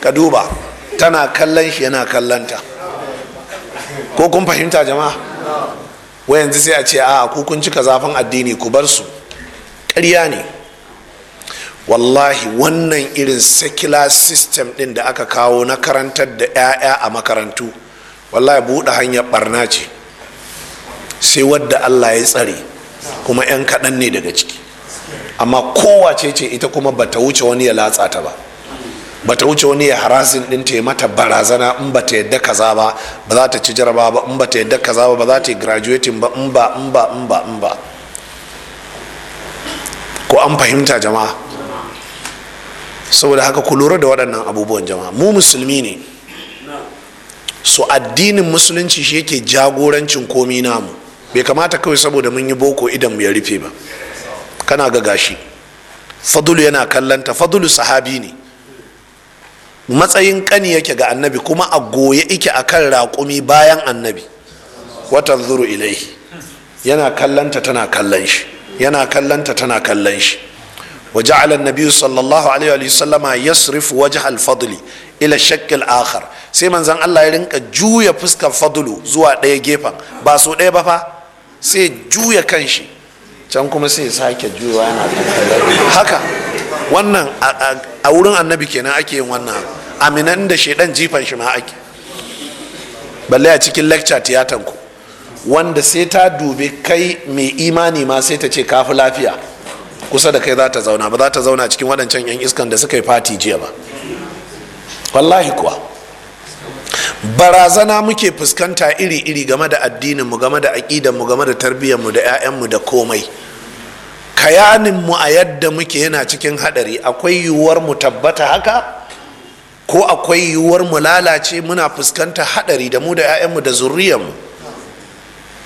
ka duba tana kallon shi yana kallonta ko kun fahimta jama'a wayanzu sai a ce a ku kun cika zafin addini ku bar su ƙarya ne wallahi wannan irin secular system din da aka kawo na karantar da 'ya'ya a makarantu wallahi buɗe hanyar barna ce sai wadda allah ya tsare kuma 'yan kaɗan ne daga ciki amma kowace ce ita kuma bata wuce wani ya latsa ta ba bata wuce wani ya harasin din ta mata barazana in bata yadda kaza ba ba za ta ci jaraba ba in bata yadda kaza ba ba za ta yi graduating ba in ba in ba in ba in ba ko an fahimta jama'a saboda haka ku lura da waɗannan abubuwan jama'a mu musulmi ne so addinin musulunci shi yake jagorancin komi namu bai kamata kawai saboda mun yi boko idan mu ya rufe ba kana ga gashi fadulu yana kallanta fadulu sahabi ne matsayin kani yake ga annabi kuma a goye ike a kan raƙumi bayan annabi watan zuru ilaihi yana kallanta tana kallon shi yana kallanta tana kallon shi وجعل النبي صلى الله عليه وسلم يصرف وجه الفضل الى الشك الآخر سي من زن الله يرنك جوية فسك فضل زوا دي جيبا باسو دي بابا سي جوية كنشي can kuma sai sake juwa وانا haka wannan a wurin annabi kenan ake yin wannan aminan da shaidan jifan shi ma ake balle a cikin lecture tiyatan ku wanda sai ta dube kai mai imani ma sai ta ce kafi lafiya kusa da kai za ta zauna ba za ta zauna cikin waɗancan 'yan iskan da suka yi fati jiya ba wallahi kuwa barazana muke fuskanta iri-iri game da addininmu game da aƙidanmu game da tarbiyyarmu da 'ya'yanmu da komai kayaninmu a yadda muke yana cikin haɗari akwai yiwuwar mu tabbata haka ko akwai yiwuwar mu lalace muna fuskanta haɗari da mu da 'ya'yanmu da zurriyarmu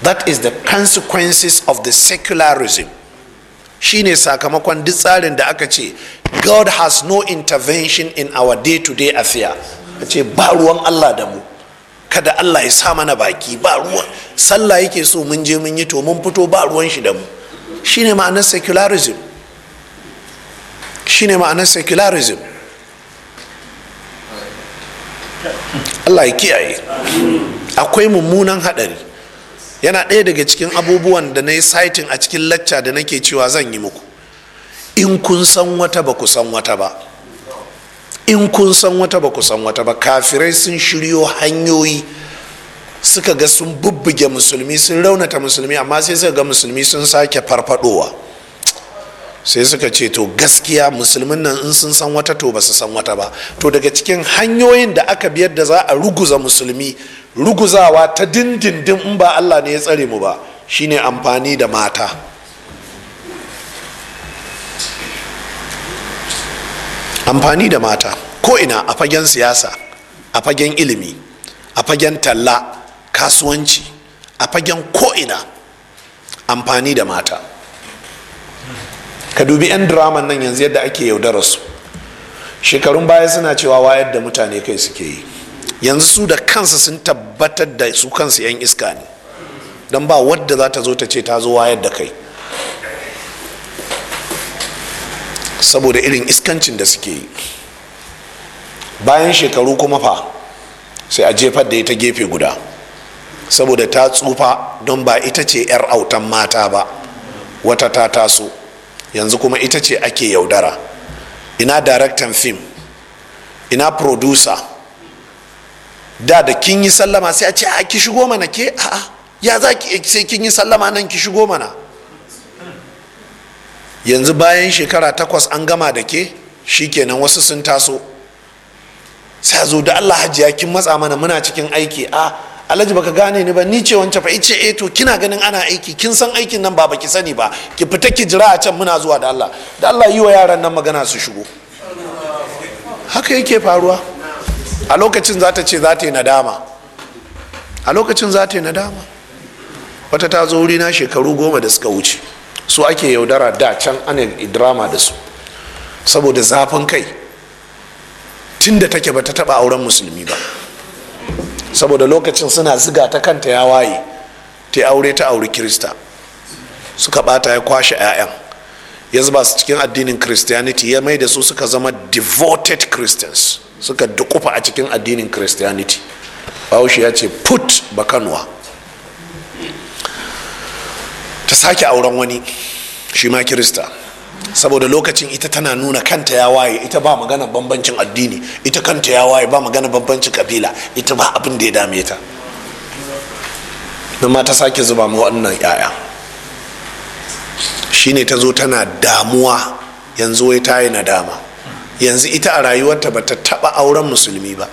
that is the consequences of the secularism shine sakamakon duk tsarin da aka ce god has no intervention in our day-to-day affair a ce ba ruwan allah da mu kada allah ya sa mana baki ba ruwan sallah yake so mun je mun yi to mun fito ba ruwan shi da mu shine ma'anar secularism shine ma'anar secularism allah ya kiyaye akwai mummunan haɗari yana ɗaya daga cikin abubuwan da na yi saitin a cikin lacca da nake cewa zan yi muku in kun san wata ba ku san wata ba in kun san wata ba ku san wata ba kafirai sun shiryo hanyoyi suka ga sun bubbuge musulmi sun raunata musulmi amma sai suka ga musulmi sun sake farfadowa sai suka ce to gaskiya musulmin nan in sun san wata to ba su san wata ba to daga cikin hanyoyin da aka biyar da za a ruguza musulmi ruguzawa ta dindindin in ba allah ne ya tsare mu ba shine amfani da mata amfani da mata ko ina a fagen siyasa a fagen ilimi a fagen talla kasuwanci a fagen ko ina amfani da mata ka dubi 'yan draman nan yanzu yadda ake yaudarar su shekarun baya suna cewa wayar da mutane kai suke yi yanzu su da kansu sun tabbatar da su kansu 'yan iska ne don ba wadda za ta zo ta ce ta zo wayar da kai saboda irin iskancin da suke yi bayan shekaru kuma fa sai a jefar da ita gefe guda saboda ta tsufa don ba ita ce 'yar autan mata ba wata ta taso yanzu kuma ita ce ake yaudara ina daraktan fim ina producer da da kin yi sallama sai a ce a ki shigo mana ke a ya za ki sai kin yi sallama nan ki shigo mana yanzu bayan shekara takwas an gama da ke shi shikenan wasu sun taso sai zo da allah hajiya kin matsa mana muna cikin aiki a alhaji baka gane ni ba ni ce wance fa ice eh to kina ganin ana aiki kin san aikin nan ba baki sani ba ki fita ki jira a can muna zuwa da Allah da Allah yi wa yaran nan magana su shigo haka yake faruwa a lokacin za ta ce za ta yi nadama a lokacin za ta yi nadama wata ta zo na shekaru goma da suka wuce su ake yaudara da can ana drama da su saboda zafin kai tun da take ba ta taba auren musulmi ba saboda lokacin suna ziga ta kanta ya waye ta aure ta auri kirista suka bata ya kwashe 'ya'yan ya zuba su cikin addinin christianity ya mai da su suka zama devoted christians suka dukufa a cikin addinin christianity bahaushe ya ce put bakanwa ta sake auren wani shi ma kirista saboda lokacin ita tana nuna kanta ya waye ita ba magana bambancin addini ita kanta ya waye ba magana bambancin kabila ita ba abin da ya dame ta ma ta sake zuba ma wannan 'ya'ya shine ta zo tana damuwa yanzu wai ta yi nadama yanzu ita a rayuwarta ba ta taba auren musulmi ba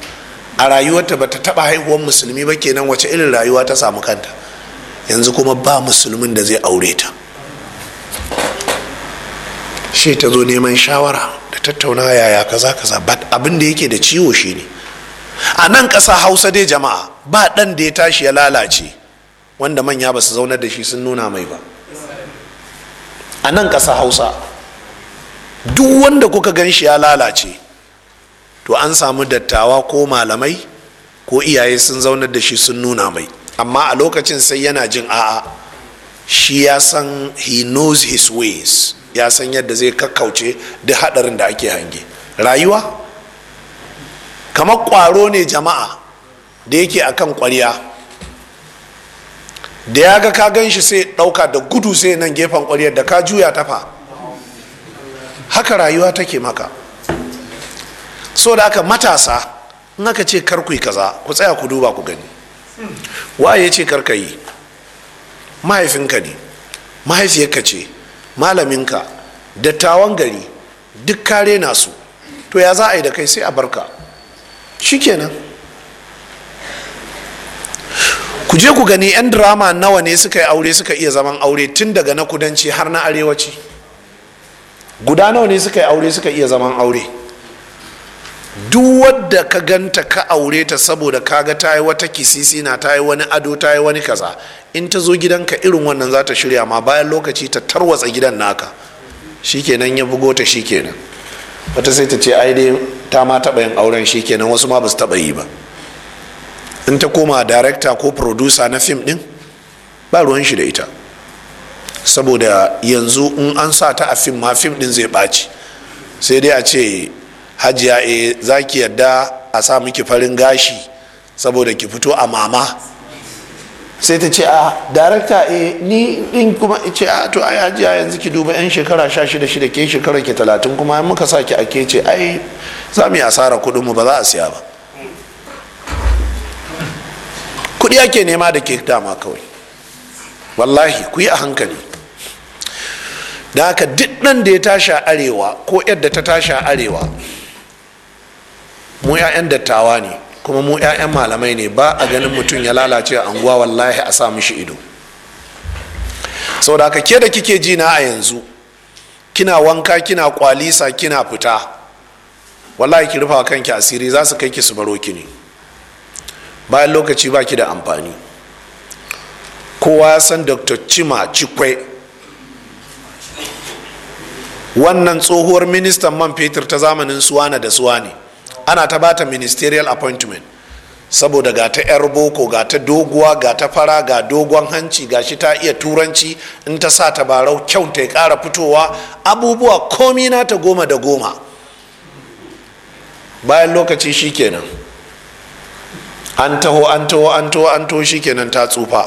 a rayuwarta ba ta taba haihuwar musulmi ba kenan wace irin rayuwa ta samu kanta yanzu kuma ba musulmin da zai aure ta shi ta zo neman shawara da tattauna yaya kaza kaza abin da yake da ciwo shi ne a nan ƙasa hausa dai jama'a ba ɗan da ya tashi ya lalace wanda manya ba su zaunar da shi sun nuna mai ba a nan ƙasa hausa duk wanda kuka gan shi ya lalace to an samu dattawa ko malamai ko iyaye sun zaunar da shi sun nuna mai amma a lokacin sai yana jin a'a shi ya san he knows his ways ya san yadda zai kakkauce duk hadarin da ake hange rayuwa kamar kwaro ne jama'a da yake akan kwarya da ya ga ka gan shi sai ɗauka da gudu sai nan gefen kwaryar da ka juya tafa haka rayuwa take maka so da aka matasa in aka ce karkui kaza ku tsaya ku duba ku gani waye ce karkayi yi mahaifinka ne mahaifiyarka ce malaminka dattawan gari duk kare na su to ya za a yi da kai sai a barka shikenan ku je ku gani 'yan drama nawa ne suka yi aure suka iya zaman aure tun daga na kudanci har na arewaci guda nawa ne suka yi aure suka iya zaman aure duk wadda ka ganta ka aure ta saboda kaga ta yi wata kisisi na ta yi wani ado ta yi wani kaza in ta zo gidanka irin wannan za ta shirya ma bayan lokaci ta tarwatsa gidan naka shikenan ya bugo ta shikenan wata sai ta ce ai dai ta ma taɓa yin auren shikenan wasu ma ba su taɓa yi ba in ta koma director ko producer na fim din ba ruwan shi da ita saboda yanzu in an sa ta a fim ma fim din zai ɓaci sai dai a ce hajiya e za ki yadda a sa miki farin gashi saboda ki fito a mama sai ta ce a ah, darakta eh ni din kuma ce a ah, to ai hajiya yanzu ki duba yan shekara sha shida shida ke shekara ke talatin kuma an muka sa ki a ke ce ai za mu yi asara kuɗin mu ba za a siya ba kuɗi ake nema da ke dama kawai wallahi ku yi a hankali da haka duk nan da ya tashi arewa ko yadda ta tashi arewa mu 'ya'yan dattawa ne kuma mu 'ya'yan malamai ne ba a ganin mutum ya lalace a anguwa wallahi a sa mishi ido saboda haka ke da kike ji na a yanzu kina wanka kina kwalisa kina fita wallahi ki rufa kanki asiri za su kai ki su baro ki ne bayan lokaci ba ki da amfani kowa ya san dr chima cikwe wannan tsohuwar ministan man fetur ta zamanin suwana da suwane ana ta bata ministerial appointment saboda ga ta 'yar boko ga ta doguwa ga ta fara ga dogon hanci ga shi ta iya turanci in ta sa tabarau kyau ta kara fitowa abubuwa komi na ta goma da goma bayan lokaci shikenan an taho an taho an taho an taho shikenan ta tsufa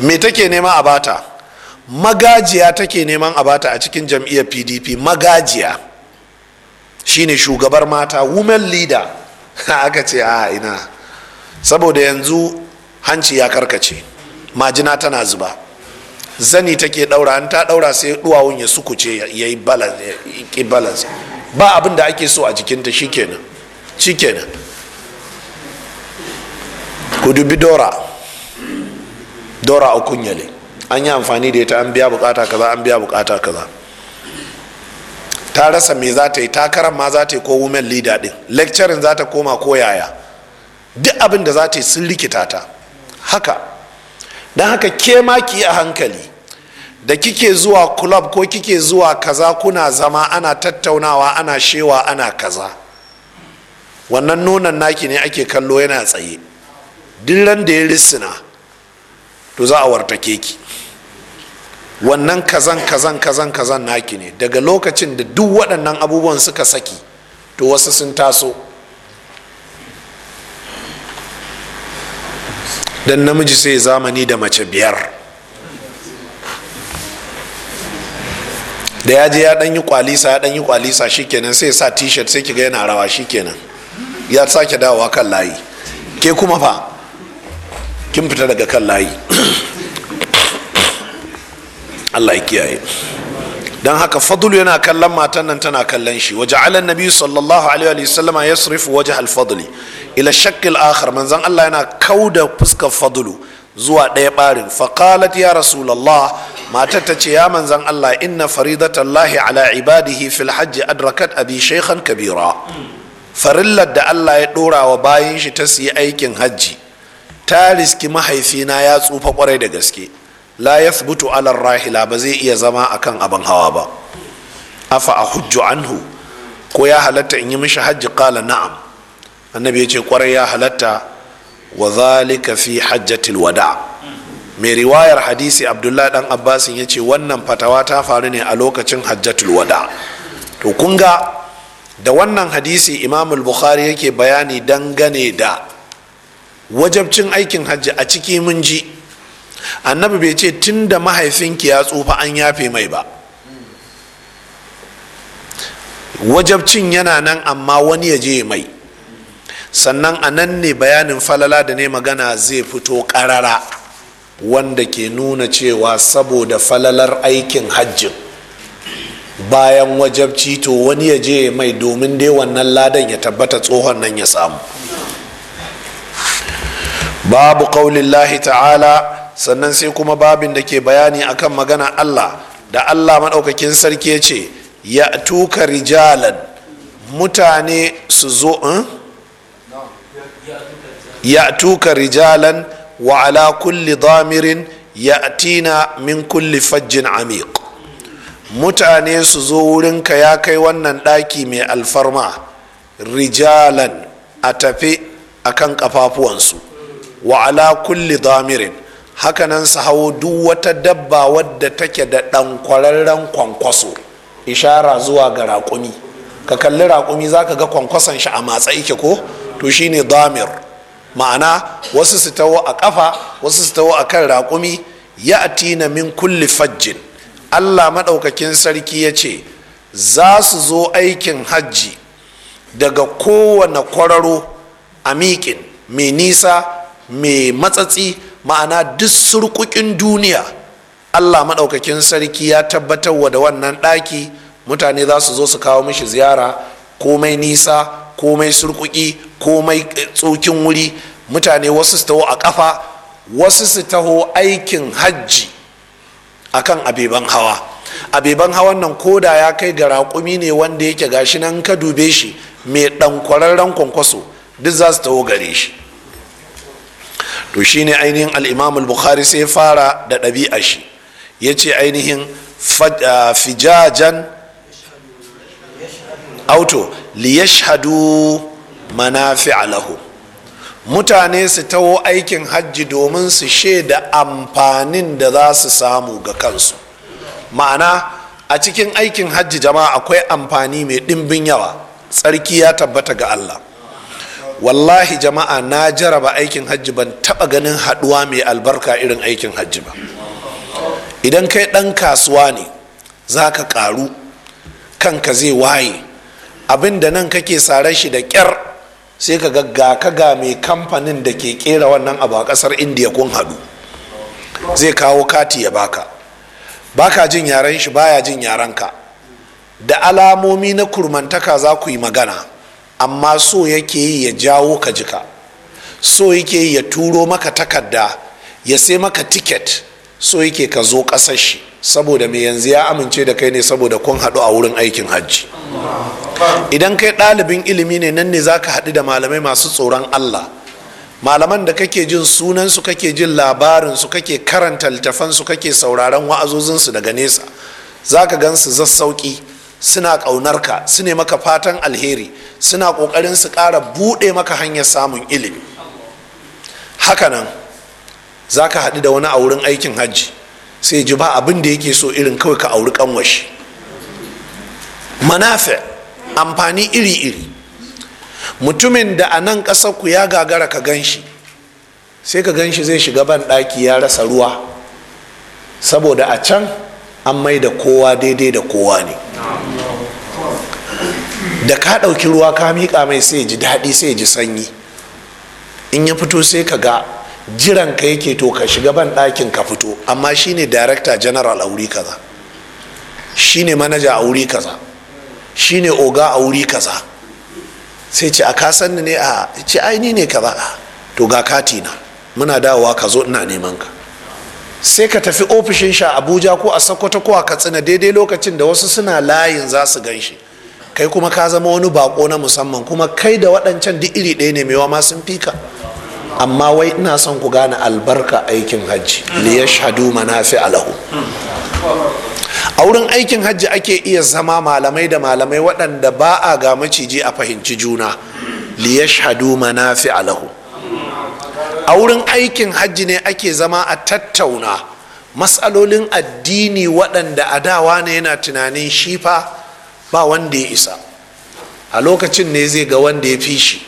me take nema a bata magajiya take neman a bata a cikin jam'iyyar pdp magajiya shine shugabar mata women leader aka ce a ah, ina saboda yanzu hanci ya karkace majina tana zuba zani take daura an ta daura sai duwawun ya sukuce ya yi balance ba abin da ake so a jikinta shikenan shikenan ku dubi dora dora okunyale an yi amfani da ita an biya bukata kaza an biya bukata kaza ta rasa me za ta yi takarar ma za ta yi ko women leader din lecturing za ta koma ko yaya duk abin da za ta yi sun rikita ta haka don haka ke ma ki a hankali da kike zuwa club ko kike zuwa kaza kuna zama ana tattaunawa ana shewa ana kaza wannan nonon naki ne ake kallo yana tsaye duk da ya risina to za a wartake ki wannan kazan kazan kazan kazan naki ne daga lokacin da duk waɗannan abubuwan suka saki to wasu sun taso dan namiji sai zamani da mace biyar da ya je ya ɗanyi yi kwalisa ya ɗanyi yi kwalisa shikenan sai sa t-shirt sai kiga yana rawa shikenan ya sake dawowa kan layi ke kuma fa kin fita daga kan layi Allah ya kiyaye dan haka fadlu yana kallon matan nan tana kallon shi waje alan nabi sallallahu alaihi wa sallama ya sarifu waje alfadli ila shakil akhar manzan Allah yana da fuskar fadlu zuwa ɗaya ɓarin faƙalat ya rasulallah matar ta ce ya manzan Allah inna faridatallahi ala ibadihi fil hajji adrakat abi shaykhan kabira farillar da Allah ya ɗora wa bayan shi ta siyi aikin hajji ta riski mahaifina ya tsufa kwarai da gaske la yathbutu alar rahila ba zai iya zama a kan abin hawa ba afa a hujju anhu ko ya halatta in yi mishi hajji kala na'am annabi ya ce kwarai ya halatta wa zalika fi hajjatil wada mai riwayar hadisi abdullahi dan abbasin ya ce wannan fatawa ta faru ne a lokacin hajjatul wada to kun ga da wannan hadisi imamul bukhari yake bayani dangane da wajabcin aikin hajji a ciki mun ji annabi bai ce tun da mahaifinki ya tsufa an yafe mai ba wajabcin yana nan amma wani ya je mai sannan a nan ne bayanin falala da ne magana zai fito karara wanda ke nuna cewa saboda falalar aikin hajjin bayan wajabci to wani ya je mai domin dai wannan ladan ya tabbata tsohon nan ya samu babu ƙaunin ta'ala sannan sai kuma babin da ke bayani akan magana Allah da Allah maɗaukakin sarki ya ce ya tuka rijalan mutane su zo hmm? ya tuka rijalan wa ala kulli damirin ya tina min kulli fajjin amiq mutane su zo wurinka ya kai wannan ɗaki mai alfarma rijalan a tafi akan kafafuwansu wa ala kulli damirin hakanan su hawo duk wata dabba wadda take da ɗan kwararren kwankwaso ishara zuwa ga raƙumi ka kalli raƙumi za ka ga kwankwason shi a matsa ike ko to shi ne damir ma'ana wasu su taho a ƙafa wasu su taho a kan raƙumi ya atina min kulli fajjin allah maɗaukakin sarki ya ce za su zo aikin hajji daga kowane kwararo a miƙin mai nisa mai matsatsi ma'ana duk surkukin duniya allah maɗaukakin sarki ya tabbatar wa da wannan ɗaki mutane za su zo su kawo mishi ziyara komai nisa komai surkuki komai eh, tsokin wuri mutane wasu su taho a ƙafa wasu su taho aikin hajji a kan abeban hawa abeban hawan nan ko da ya kai ga raƙumi ne wanda yake gashi nan ka dube shi mai ɗankwararren kwankwaso duk za su taho gare shi to shine ainihin al bukhari sai fara da ɗabi'a shi Ya ce ainihin ah, fijajan auto liyashhadu manafi'a lahu mutane su taho aikin hajji domin su shaida amfanin da za su samu ga kansu ma'ana a cikin aikin hajji jama'a akwai amfani mai ɗimbin yawa tsarki ya tabbata ga allah wallahi jama'a na jaraba aikin hajji ban taba ganin haduwa mai albarka irin aikin hajji ba idan kai dan kasuwa ne za ka karu kanka zai waye abinda nan kake sare shi da kyar sai ka ga ka ga mai kamfanin da ke kera wannan abu a kasar indiya kun hadu zai kawo kati ya baka baka jin yaren shi baya jin yaren ka da alamomi na kurmantaka za ku yi magana amma so yake yi ya jawo ka jika so yake yi ya turo maka takarda ya sai maka tiket so yake ka zo ƙasar shi saboda mai yanzu ya amince da kai ne saboda kun haɗu a wurin aikin hajji idan kai ɗalibin ilimi ne nan ne za ka haɗu da malamai masu tsoron allah malaman da kake jin sunansu kake jin labarinsu kake karanta littafansu kake sauraron wa'azozinsu daga nesa za ka gan su sauƙi. suna ƙaunarka su ne maka fatan alheri suna ƙoƙarin su ƙara buɗe maka hanyar samun ilimi hakanan za ka haɗu da wani a wurin aikin hajji sai ji ba abin da yake so irin kawai ka auri kanwashi manafe amfani iri-iri mutumin da a nan ku ya gagara ka gan shi sai ka gan shi zai shiga ban ɗaki ya rasa ruwa saboda a can an mai da kowa daidai da kowa ne da ka ɗauki ruwa ka miƙa mai sai ji daɗi sai ji sanyi in ya fito sai ka ga jiran ka yake to ka shiga ban ɗakin ka fito amma shine director general a wuri kaza shine manaja a wuri kaza shine oga a wuri kaza sai ce a kasan ne a ce aini ne kaza to ga kati na muna dawowa ka zo ina neman ka sai ka tafi ofishin shi a abuja ko a sokoto ko a katsina daidai lokacin da wasu suna layin za su gan shi kai kuma ka zama wani bako na musamman kuma kai da waɗancan duk iri ɗaya ne mewa ma sun fika amma wai ina son ku gane albarka aikin hajji li yashhadu manafi alahu a wurin aikin hajji ake iya zama malamai da malamai waɗanda ba a ga maciji a fahimci juna li yashhadu manafi alahu a wurin aikin hajji ne ake zama a tattauna matsalolin addini waɗanda adawa ne yana tunanin shifa ba wanda ya isa a lokacin ne zai ga wanda ya fi shi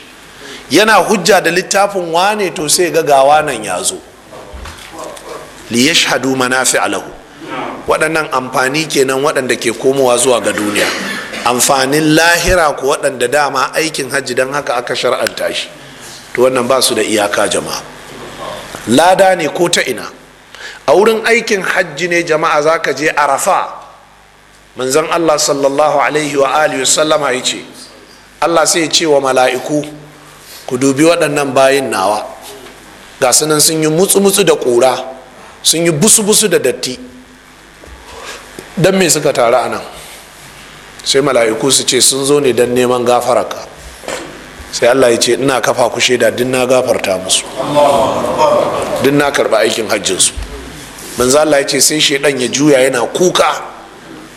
yana hujja da littafin wane to sai ga gawa nan ya zo li yashhadu manafi alahu waɗannan amfani kenan waɗanda ke komowa zuwa ga duniya amfanin lahira ku waɗanda dama aikin hajji don haka aka shar'anta shi to wannan ba su da iyaka jama'a lada ne ko ta ina a wurin aikin hajji ne jama'a za ka je arafa manzon Allah sallallahu alaihi wa alihi sallama ya ce Allah sai ya ce wa mala'iku ku dubi waɗannan bayin nawa ga sunan sun yi mutsu-mutsu da ƙura sun yi busu-busu da datti don me suka taru a nan sai mala'iku su ce sun zo ne don neman gafararka sai Allah ya ce ina kafa ku shaida din na gafarta musu din na karɓi aikin hajjinsu manzo Allah ya ce sai shaidan ya juya yana kuka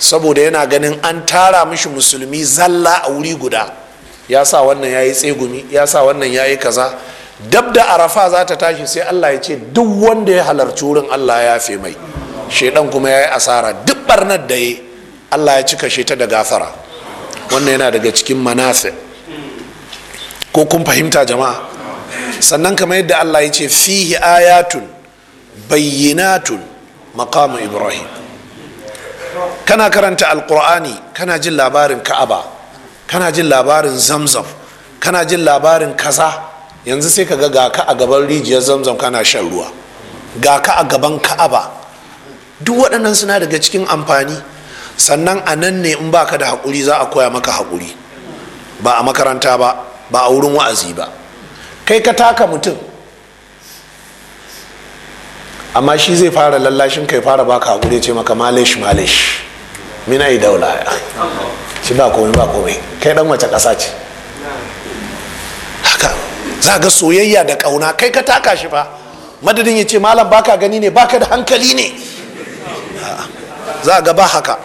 saboda yana ganin an tara mishi musulmi zalla a wuri guda ya sa wannan ya yi tsegumi ya sa wannan ya yi kaza dab da arafa za ta tashi sai allah ya ce duk wanda ya halarci wurin allah ya fi mai shaidan kuma ya yi asara duk barnar da ya allah ya cika ta da gafara wannan yana daga cikin manafi ko kun fahimta jama'a sannan kamar yadda allah ya ce fihi ayatun bayyinatun maqamu ibrahim kana karanta alkur'ani kana jin labarin ka'aba kana jin labarin zamzam kana jin labarin kaza yanzu sai ka ga ka a gaban rijiyar zamzam kana shan ruwa ga ka a gaban ka'aba duk waɗannan suna daga cikin amfani sannan a nan ne in baka da haƙuri za a koya maka haƙuri ba a makaranta ba ba a wurin wa'azi ba kai ka taka mutum amma shi zai fara lallashin kai fara baka hakuri ce maka malish malish mina yi daula shi ba komai ba komai kai dan wace ƙasa ce haka za ga soyayya da ƙauna kai ka taka shi ba? madadin ya ce malam baka gani ne baka da hankali ne za ga ba haka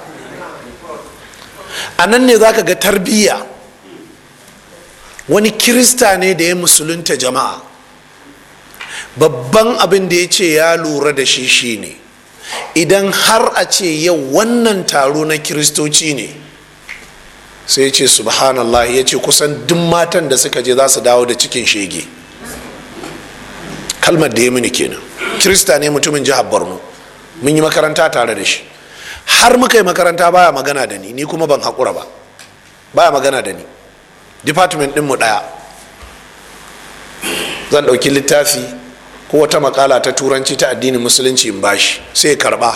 a nan ne za ka ga tarbiyya wani kirista ne da ya musulunta jama'a babban abin da ya ce ya lura da shi shine idan har a ce yau wannan taro na kiristoci ne sai ce subhanallah ya ce kusan duk matan da suka je za su dawo da cikin shege kalmar da ya mini kenan kirista ne mutumin jihar borno mun yi makaranta tare da shi har muka yi makaranta baya magana da ni ni kuma ban haƙura ba baya magana da ni department ɗinmu ɗaya zan ɗauki littafi ko wata makala ta turanci ta addinin musulunci in bashi sai ya karba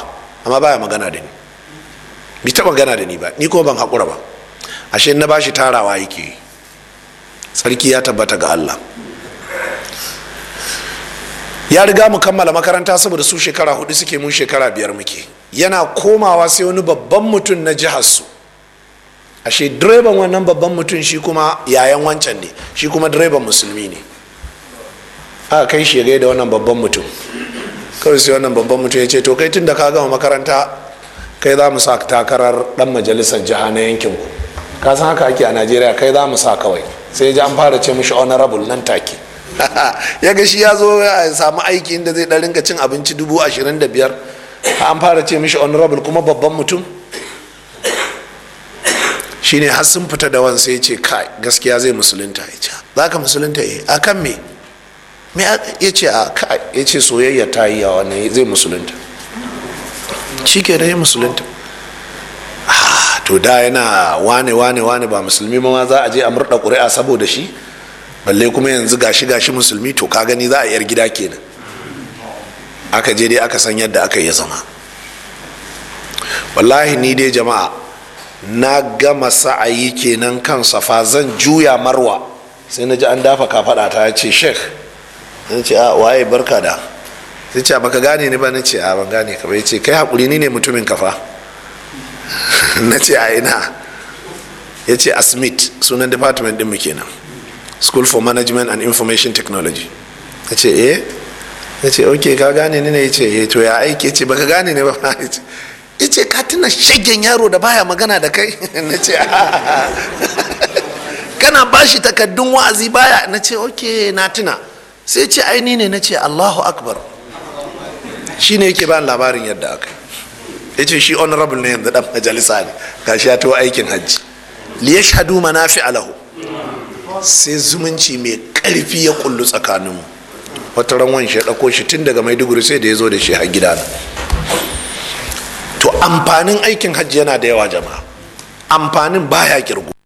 amma baya magana da ni bi ta magana da ni ba ni ko ban haƙura ba ashe na bashi tarawa yake sarki ya tabbata ga Allah ya riga mu kammala makaranta saboda su shekara hudu suke mun shekara biyar muke yana komawa sai wani babban mutum na jihar su ashe direban wannan babban mutum shi kuma yayan wancan ne shi kuma direban musulmi ne aka kai shi ya da wannan babban mutum kawai sai wannan babban mutum ya ce to kai tun da ka gama makaranta kai za mu sa takarar dan majalisar jiha na yankin ku ka san haka ake a najeriya kai za mu sa kawai sai ji an fara ce mishi honorable nan take ya ga shi ya zo ya samu aiki inda zai dan rinka cin abinci dubu ashirin da biyar an fara ce mishi honorable kuma babban mutum shine har sun fita da wani sai ce kai gaskiya zai musulunta ya ce za ka musulunta eh, A kan me me ya ce a kai ya ce soyayya ta yi yawa ne zai musulunta shi ke ya musulunta ah, to da yana wane wane wane ba musulmi ma za a je a murda ƙuri'a saboda shi balle kuma yanzu gashi gashi musulmi to ka gani za a yar gida kenan aka je dai aka san yadda aka yi zama wallahi ni dai jama'a na gama sa'ayi kenan kan safa zan juya marwa sai na ji an dafa kafaɗa ta ya ce sheikh Na ce a waye barka da sai ce baka gane ni ba na ce a ban gane ka bai ya ce kai hakuri ni ne mutumin kafa na ce a ina ya ce a smith sunan department din mu kenan school for management and information technology na ce eh na ce ok ka gane ni ne ya ce ya eh, to ya aiki ya ce baka gane ne ba ya ce ka tuna shagen yaro da baya magana da kai na ce ah, ah, ah. kana bashi takaddun wa'azi baya na ce ok na tuna sai ce aini ne na ce allahu akbar shi ne yake bayan labarin yadda aka ya ce shi honorable ne yanzu dan majalisa ne shi ya tawo aikin hajji na manafi alahu sai zumunci mai karfi ya kullu tsakaninmu wata ranwan shi ɗauko shi tun daga maiduguri sai da ya zo da shi har gida to amfanin aikin hajji yana da yawa jama'a amfanin baya kirgu